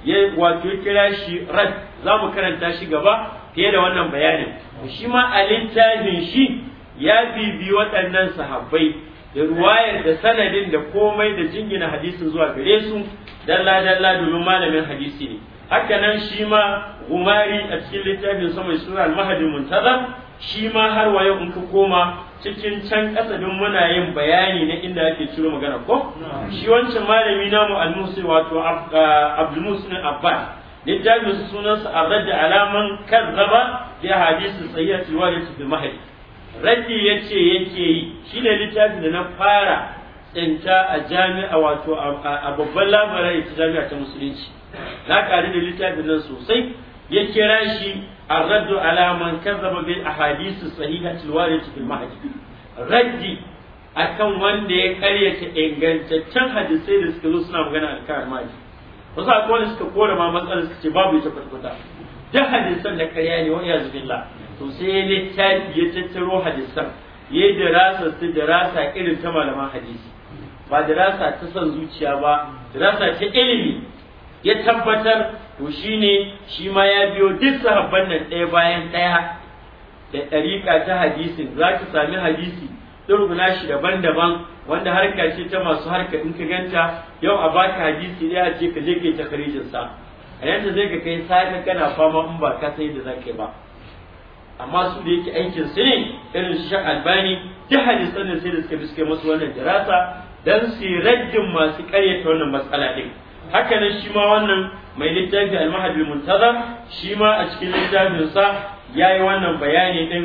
ya wato kira shi rad za mu karanta shi gaba fiye da wannan bayanin shi ma a littafin shi ya bibi waɗannan sahabbai da ruwayar da sanadin da komai da jingina hadisin zuwa gare su dalla dalla domin malamin hadisi ne haka nan shi ma umari a cikin littafin sama mai sura al-mahdi muntazam shi ma har waye in ka koma cikin can ƙasa don muna yin bayani na inda ake ciro magana ko shi wancan malami namu almusi wato uh, abdulmusin abbas littafin sunansa a radda alaman kazzaba ya hadisi sayyati walati bil mahdi raddi yace yake yi shine littafin da na fara tsinta a jami'a wato a babban lamarin jami'a ta musulunci na ƙari da littafin nan sosai ya kira shi الرد على من كذب بالأحاديث الصحيحة الواردة في المهد ردي akan wanda ya karyata ingantaccen hadisai da suka zo suna magana a kan almahdi wasu akwai suka kora ma matsalar suka ce babu ita kwatkwata kwata hadisan da karya ne wa yanzu billah to sai ya littafi ya tattaro hadisan ya yi dirasa su dirasa irin ta malaman hadisi ba darasa ta son zuciya ba darasa ta ilimi ya tabbatar to ne, shi ma ya biyo duk sahabban nan ɗaya bayan ɗaya da ɗariƙa ta hadisin za ki sami hadisi ɗurguna shi daban-daban wanda harka ce ta masu harka in ka ganta yau a baka hadisi ɗaya a ce ka je kai takarijin sa a yanzu zai ka kai sa'a kana fama in ba ka sai da yi ba amma su da yake aikin su ne irin shi albani duk hadisan sai da suka fi suke masu wannan dirasa don su yi raddin masu ƙaryata wannan matsala ɗin haka nan shi ma wannan mai littafi almahadi muntazam shi ma a cikin littafinsa ya yi wannan bayani din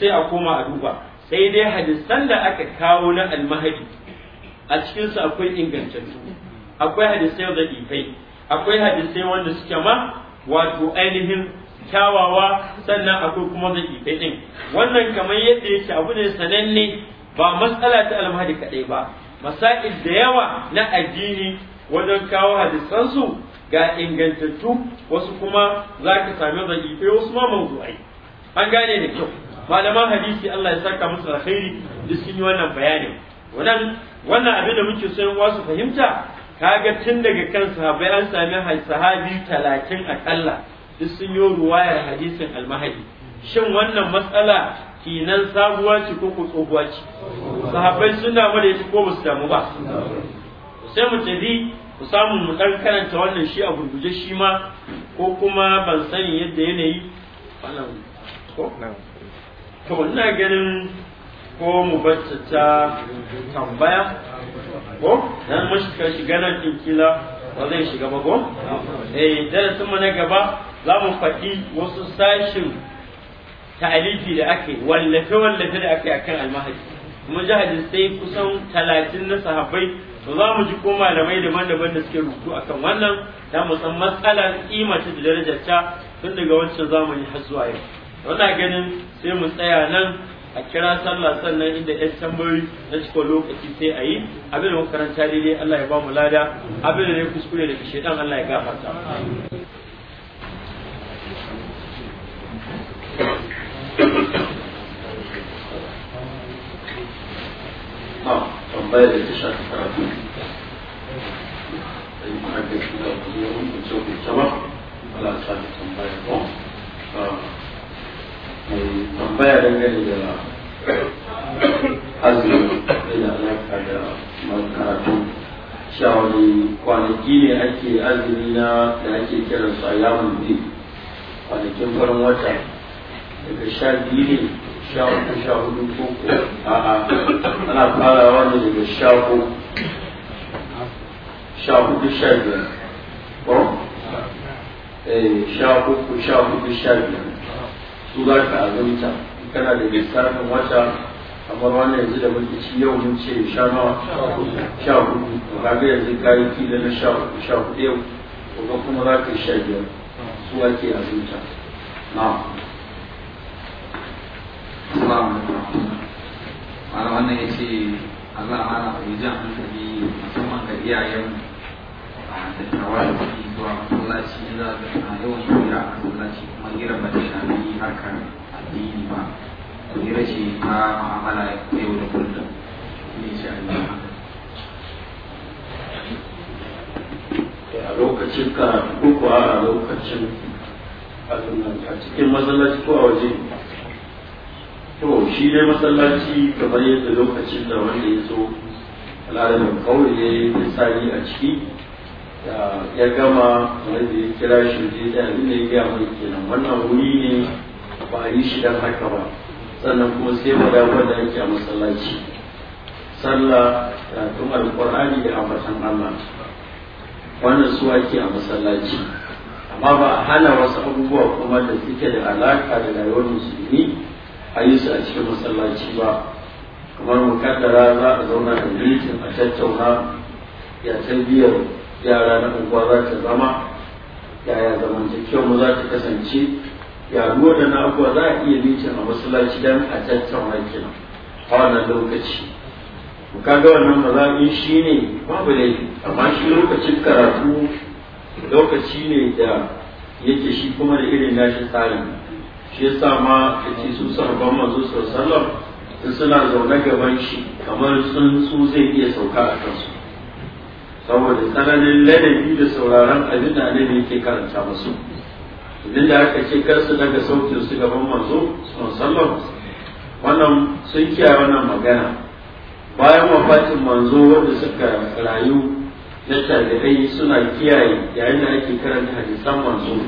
sai a koma a duba sai dai hadisan da aka kawo na almahadi a cikinsu akwai ingantattu akwai hadisai zaɗifai akwai hadisai wanda suke ma wato ainihin kyawawa sannan akwai kuma zaɗifai din. wannan kamar yadda yake abu ne sananne ba matsala ta almahadi kadai ba masa'il da yawa na addini wajen kawo hadisansu ga ingantattu wasu kuma za ka sami zagife wasu ma mawdu'ai an gane da kyau malaman hadisi Allah ya saka musu alkhairi da sun yi wannan bayani wannan wannan abin da muke son wasu fahimta kaga tun daga kan sahabbai an sami sahabi talatin akalla duk sun yi ruwayar hadisin almahadi shin wannan matsala kinan sabuwa ce ko ko tsohuwa ce sahabbai suna damu ko ba su damu ba sai mu tafi ku samu mu dan karanta wannan shi a gurguje shi ma ko kuma ban sani yadda yanayi wannan ko to ina ganin ko mu bacci ta tambaya ko dan mu shiga shiga nan din kila ba zai shiga ba ko eh darasin mu na gaba za mu faɗi wasu sashin ta'alifi da ake wallafe wallafe da ake akan almahadi kuma jihadin sai kusan talatin na sahabbai to za mu ji ko malamai daban-daban da suke rubutu a kan wannan da musamman san matsalar kimata da ta tun daga wancan zamani har zuwa yau wannan ganin sai mu tsaya nan a kira sallah sannan inda ya tambayoyi na cikin lokaci sai a yi abin da makaranta daidai Allah ya ba mu lada abin da ne kuskure daga shedan Allah ya gafarta tambaya da ta shafi karatu da yi da shi da wani yawon mai kwanaki ne ake azumi na da ake kiransu a yawon ne kwanakin farin wata daga sha biyu ne Shaku uku sha hudu ko a'a ana farawa ne daga shaku uku sha hudu sha biyar ko sha uku sha hudu sha biyar su za ka azumta kana da lissafin wata kamar wannan yanzu da muke ci yau mun ce sha nawa sha hudu yanzu kayi kila na shaku hudu sha hudu yau kuma za ka yi sha su ake azumta na'am wani wannan ya ce Allah ana yi jan hankali musamman ga iyayen a dattawa da suke zuwa masallaci za a ga yawan hira a masallaci kuma gira ba ta shafi harkar addini ba hira ce ta mu'amala yau da kullum ne ce yi a lokacin karatu ko a lokacin a cikin masallaci ko a waje to shi dai masallaci kamar yadda lokacin da wanda ya zo al'adamin kawai ya yi fitsari a ciki ya gama wanda ya kira shi da ya abin da ya gama kenan wannan wuri ne ba a yi shi don haka ba sannan kuma sai wadatar da ake a masallaci sallah da tun alƙur'ani da ambatan Allah wannan su ake a masallaci amma ba a hana wasu abubuwa kuma da suke da alaƙa da rayuwar musulmi a yi su a cikin masallaci ba kamar mukaddara za a zauna a mulkin a tattauna ya tarbiyyar yara na unguwa za ta zama yaya zamantakewa za ta kasance ya da na abuwa za a iya mulkin a masallaci dan a tattauna kina a wannan lokaci mukaddara wannan mazaɓin shi ne babu laifi amma shi lokacin karatu lokaci ne da yake shi kuma da irin nashi tsarin shi yasa ma ce su sahabban manzo sallallahu in suna zaune gaban shi kamar sun su zai iya sauka a kansu saboda tsananin ladabi da sauraron abin da ne yake karanta musu idan da aka ce kar daga sautin su gaban mazu sallallahu wannan sun kiyaye wannan magana bayan wafatin manzo wanda suka rayu na tabi'ai suna kiyaye yayin da ake karanta hadisan manzo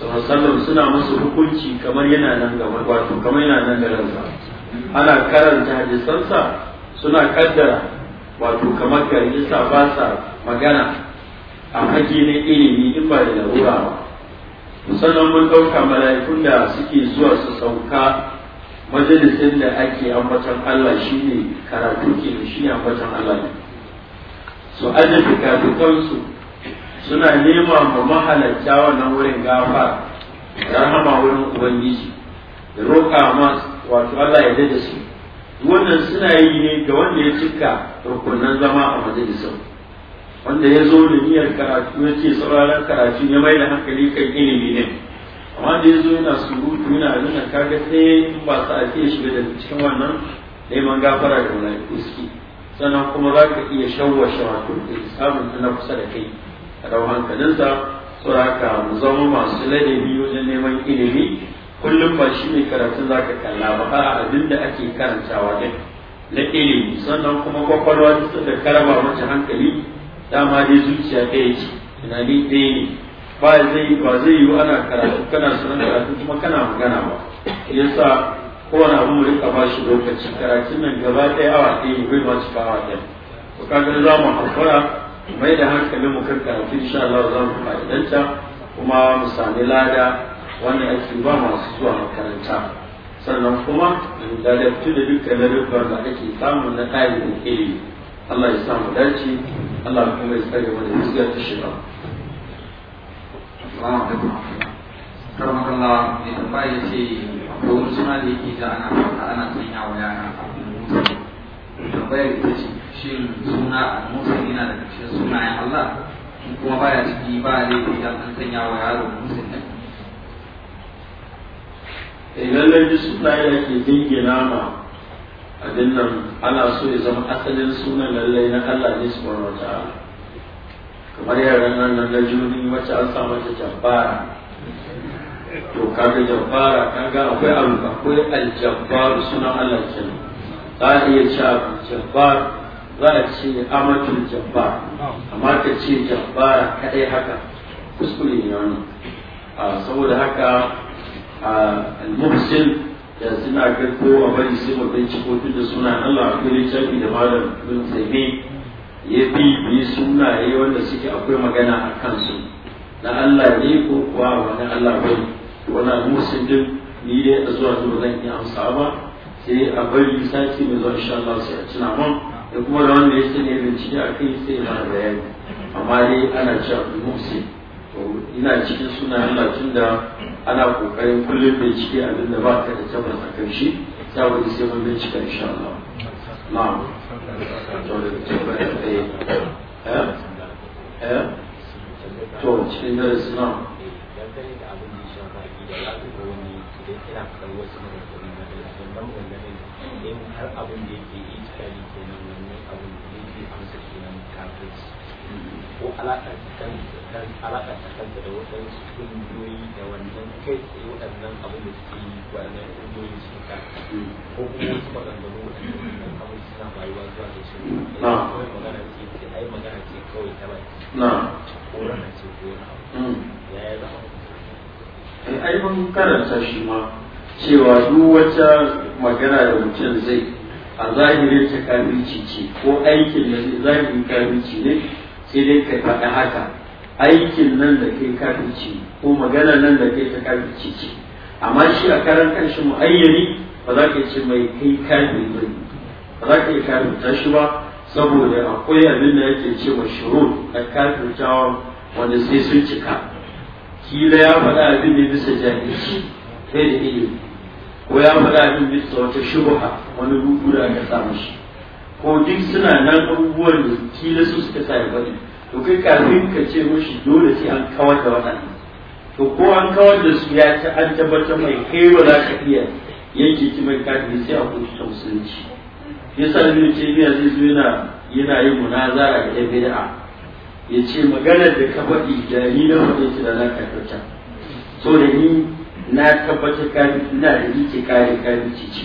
sallallahu suna musu hukunci kamar yana nan gaba wato kamar yana nan gabansa ana karanta hadisansa suna kaddara wato kamar garinsa ba sa magana a haƙi na ilimi in ba da larura ba musamman mun ɗauka mala'ikun da suke zuwa su sauka majalisin da ake ambatan Allah shine karatu ke shi ambatan Allah ne su aje fikafikansu suna nema ma mahalarta wannan wurin gafara rahama wurin ubangiji da roƙa ma wato Allah ya dade su wannan suna yi ne ga wanda ya cika rukunan zama a majalisar wanda ya zo da niyyar karatu ya ce sauraron karatu ya mai da hankali kan ilimi ne amma da ya zo yana surutu yana nuna kaga sai in ba sa ake shiga da cikin wannan neman gafara da wani iski. sannan kuma za ka iya shawwashe wato da samun na kusa da kai a hankalin hankalinsa saboda mu zama masu ladabi wajen neman ilimi kullum ba shi ne karatun za ka kalla ba har abin da ake karantawa din na ilimi sannan kuma kwakwalwa ta da karaba mace hankali dama dai zuciya ta yi ce tunani ɗaya ne ba zai ba zai yiwu ana karatu kana sanin karatu kuma kana magana ba yasa kowane abu mu rika ba shi lokaci karatun nan gaba ɗaya awa ɗaya ne bai ma cika awa ɗaya to kaga za mu hakura mai da hankalin mu kan karatu insha Allah za mu fa'idanta kuma mu sami lada wanda ake ba masu zuwa makaranta sannan kuma da dabtu da dukkan ladabbar da ake samu na ɗalibin ilimi Allah ya samu dace Allah kuma ya tsare mana gaskiya ta shiga Assalamu alaikum karamakallah ne tambaya ce ko suna da yake da ana ana sanya wa yara a tambayar ita ce shin suna al-musin yana da cikin sunayen Allah kuma baya ciki ba laifi idan an sanya wa yaro musin ne idan eh, lallai suna da ke jingina ma abin nan ana so ya zama asalin sunan lallai na Allah ne subhanahu wataala kamar yaran nan nan da juni wacce an sa mata jabbara to kaga jabbara kaga akwai abu akwai aljabbaru sunan Allah kenan za a iya ce abu jabbar za a ce amatul jabbar amma ka ce jabbar kadai haka kuskure ne wannan saboda haka al-muhsin da suna ga kowa bari sai mu binciko duk da suna Allah akwai littafi da malam bin Tsaimi ya bi bi sunaye wanda suke akwai magana a kansu na Allah ne ko kuwa wani Allah bai wannan musulmin ni dai a zuwa zuwa zan iya amsa ba sai a bari sati mai zuwa insha Allah sai a tuna mun da kuma da wanda yake ne bincike a kai sai na bayani amma dai ana cewa to ina cikin suna Allah da ana kokarin kullum da bincike abin da ba ka da tabbas a kan shi saboda sai mun bincika insha Allah na'am to cikin eh, eh, da da da da da da suna abin shi wani darasi na har abin da yake yi tsari kenan wannan abin da yake amsa kenan kafirci ko ta kanta da waɗansu ƙungiyoyi da wannan kai tsaye waɗannan abin da suke yi waɗannan ƙungiyoyi su ka ko kuma wasu maganganu waɗannan abin bayuwa zuwa da su kawai magana ce ce ai magana kawai ta baki ko rana ce ko wani abu mm. Ya eh, ai karanta cewa duk wata magana da mutum zai a zahirin ta kamici ce ko aikin da zahirin kamici ne sai dai ka faɗa haka aikin nan da kai kamici ko magana nan da kai ta kamici ce amma shi a karan kanshi mu'ayyani ba za ka ce mai kai kabi ba ba za ka yi ta shi ba saboda akwai abin da yake ce a kafin kafirtawa wanda sai sun cika kila ya faɗa abin da bisa jahilci sai da ilimi ko ya faɗa min bisa wata shubha wani rubu da aka samu shi ko duk suna nan abubuwan da kila su suka sa ya to kai kafin ka ce mushi dole sai an kawar da waɗannan to ko an kawar da su ya ci an tabbatar mai kai ba za ka iya yanke ki mai kafin sai a kuma ta musulunci yasa ibn taymiya zai zo yana yana yin munazara da bid'a ya ce maganar da ka faɗi da ni na faɗi da na ka kyauta so da ni na tabbatar kafirci ina da ice kare kafirci ce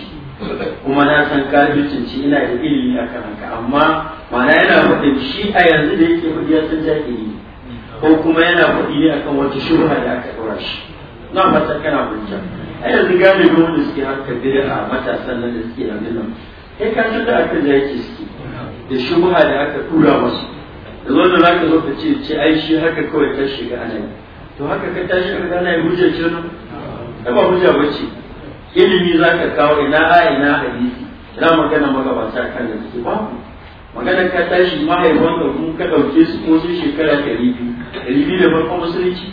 kuma na san kafircin ci ina da ilimi a kan haka amma ma'ana yana faɗin shi a yanzu da yake faɗi ya san ne ko kuma yana faɗi ne akan wata shubha da aka ɗora shi na fata kana hujja a yanzu gane ga wanda suke haka a matasan nan da suke nan nan kai ka san da aka jahilci suke da shubha da aka tura masu da zo da za ka zo ka ce ce ai shi haka kawai ta shiga ana yi to haka ka tashi ka gane hujjar ce ai ba hujja bace ilimi ka kawo ina a ina hadisi ina magana magabata kan da suke babu magana ka tashi mahaifan wanda kun ka dauke su ko sun shekara ta biyu ɗari bi da farko musulunci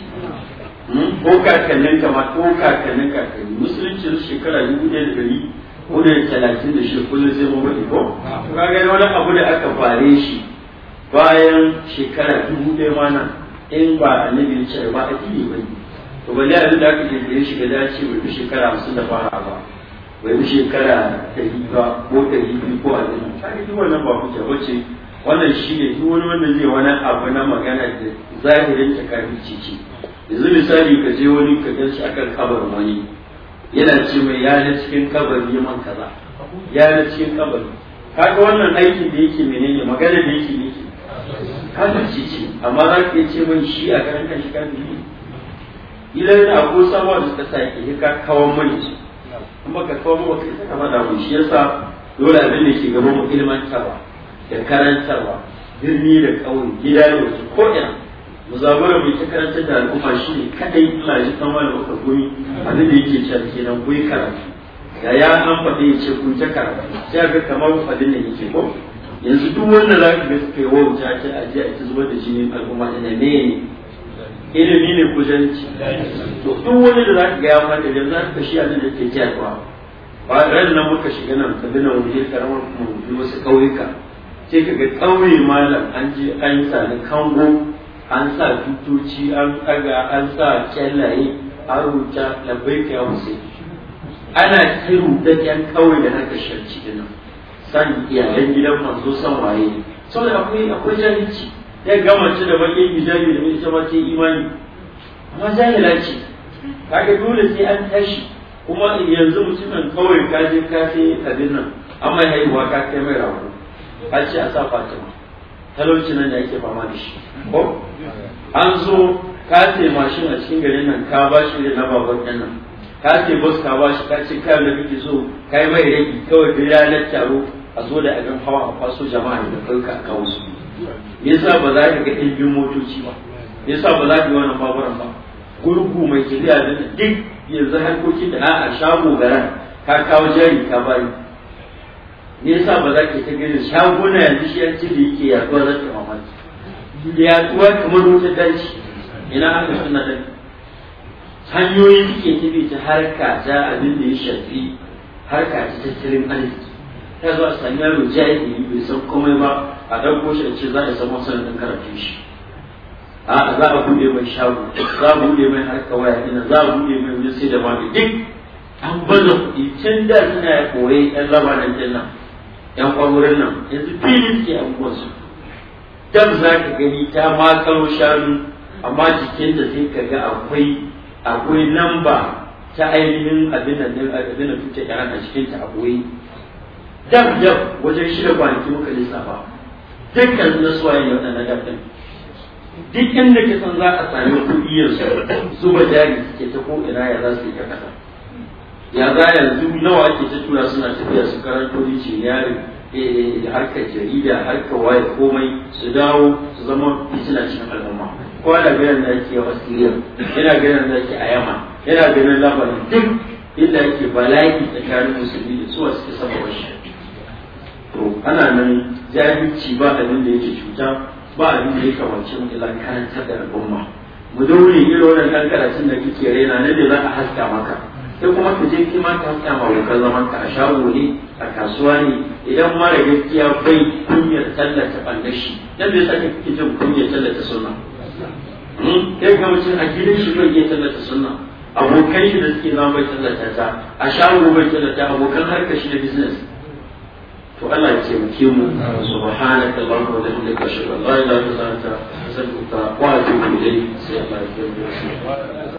hmm? ko kakannin ka ma ko kakannin kakanni musulunci su shekara dubu ɗaya da ɗari hudu da talatin da shida kullum sai mun bari ko ka ga wani abu da aka fare shi bayan shekara dubu ɗaya ma nan in ba annabi ya ce ba a ba ne to balle abin da aka kirkire shi da dace bai bi shekara hamsin da fara ba bai bi shekara ɗari ba ko ɗari biyu ko a ɗari ta ga wannan ba ce wace wannan shi ne duk wani wanda zai wani abu na magana da zahirin ta kafi ce yanzu misali ka je wani ka gan shi akan kabarin wani yana ce mai yana cikin kabar neman kaza yana cikin kabar kaga wannan aikin da yake menene magana da yake yake ci ci, amma za ka ce mai shi a karan kan shi ne Idan gidan abu sama da suka sa ke ka kawo mani kuma baka kawo wata kai kama da mu shi yasa dole abin da ke gaban mu ilmantarwa da karantarwa birni da ƙauye gida da wasu ko mu zabura mai ta karantar da al'umma shi ne kadai Allah shi kama da muka goyi abin da yake cewa kenan goyi karatu da ya an faɗi ya ce kun ta karatu sai ga kamar abin da yake ko yanzu duk wanda za ka ga suka yi wuce ta ce a ta zubar da ne al'umma ina ne ne ilimi ne kusanci to duk wani da za ka gaya ma da za ka shi a nan da ke jiyarwa ba ran nan muka shiga nan ka bi nan waje karamar mu wasu ƙauyuka sai ka ga ƙauye malam an je an yi sani kango an sa tutoci an ɗaga an sa kyallaye an rubuta labbai ka yawon sai ana kiru da ƴan ƙauye da na haka cikin nan san iyayen gidan manzo san waye saboda akwai akwai jami'i ya gama ci da baƙin hijabi da mai ma ce imani amma jahila ce kaga dole sai an tashi kuma yanzu mutumin kawai ka je ka sai nan amma ya haihuwa ka kai mai rago ka ce a sa fatima talauci nan da ake fama da shi ko an zo ka ce mashin a cikin garin nan ka ba shi da na baban nan ka ce bus ka ba shi ka ce kayan da kake so ka mai rage kawai da ya taro a zo da abin hawa a faso jama'a da ɗauka a kawo su yasa ba za ka ga ɗimbin motoci ba yasa ba za ka yi wannan baburan ba gurgu mai shirya da duk yanzu harkokin da a shago garan ka kawo jari ka bayi yasa ba za ka ta gani shaguna yanzu shi yanci da yake yaduwa za ka mamaki yaduwa kamar wata danci ina aka suna da hanyoyin suke tafi ta harka ta abin da ya shafi harka ta tattalin arziki ta zuwa sami yaro yi bai san komai ba a ɗauko shi in ce za a samu din karatun shi a za a buɗe mai shago za a buɗe mai harka waya ina za a buɗe mai wani sai da mami duk an bada kuɗi can da suna ya koyi ƴan labanan ɗin nan 'yan ƙwamurin nan yanzu filin ke abubuwan su dam za ka gani ta makaro shanu amma jikinta sai ka ga akwai akwai namba ta ainihin abin da fice yaran a cikin ta akwai dab dab wajen shirya kwanaki muka lissafa dukkan na suwaye ne waɗannan dafin duk inda ka san za a sami kuɗi su zuba jari suke ta ko ina ya za su yi kasa ya za yanzu nawa ake ta tura suna tafiya su karanto rice yari eh, harkar jarida harkar waye komai su dawo su zama fitina cikin al'umma ko da ganin da ake yawa siriya yana ganin da ake a yama yana ganin labarin duk inda ake bala'i tsakanin musulmi da suwa suke saba wasu to ana nan jahilci ba abin da yake cuta ba abin da ya kamace mu ila karantar da al'umma mu daure irin wannan kankaracin da kike raina nan da za a haska maka sai kuma ka je kima ta haska ma wuka zaman ka a shago ne a kasuwa ne idan mara gaskiya bai kunyar tallata bandashi dan bai sake kike jin kunyar tallata sunna hmm? kai ga mutum a gidan shi bai iya tallata sunna abokan shi da suke zama bai tallata ta a shago bai tallata abokan harkar shi da business to Allah ya taimake mu subhanaka allahumma wa bihamdika ashhadu an la ilaha illa anta astaghfiruka wa atubu ilayk sai Allah ya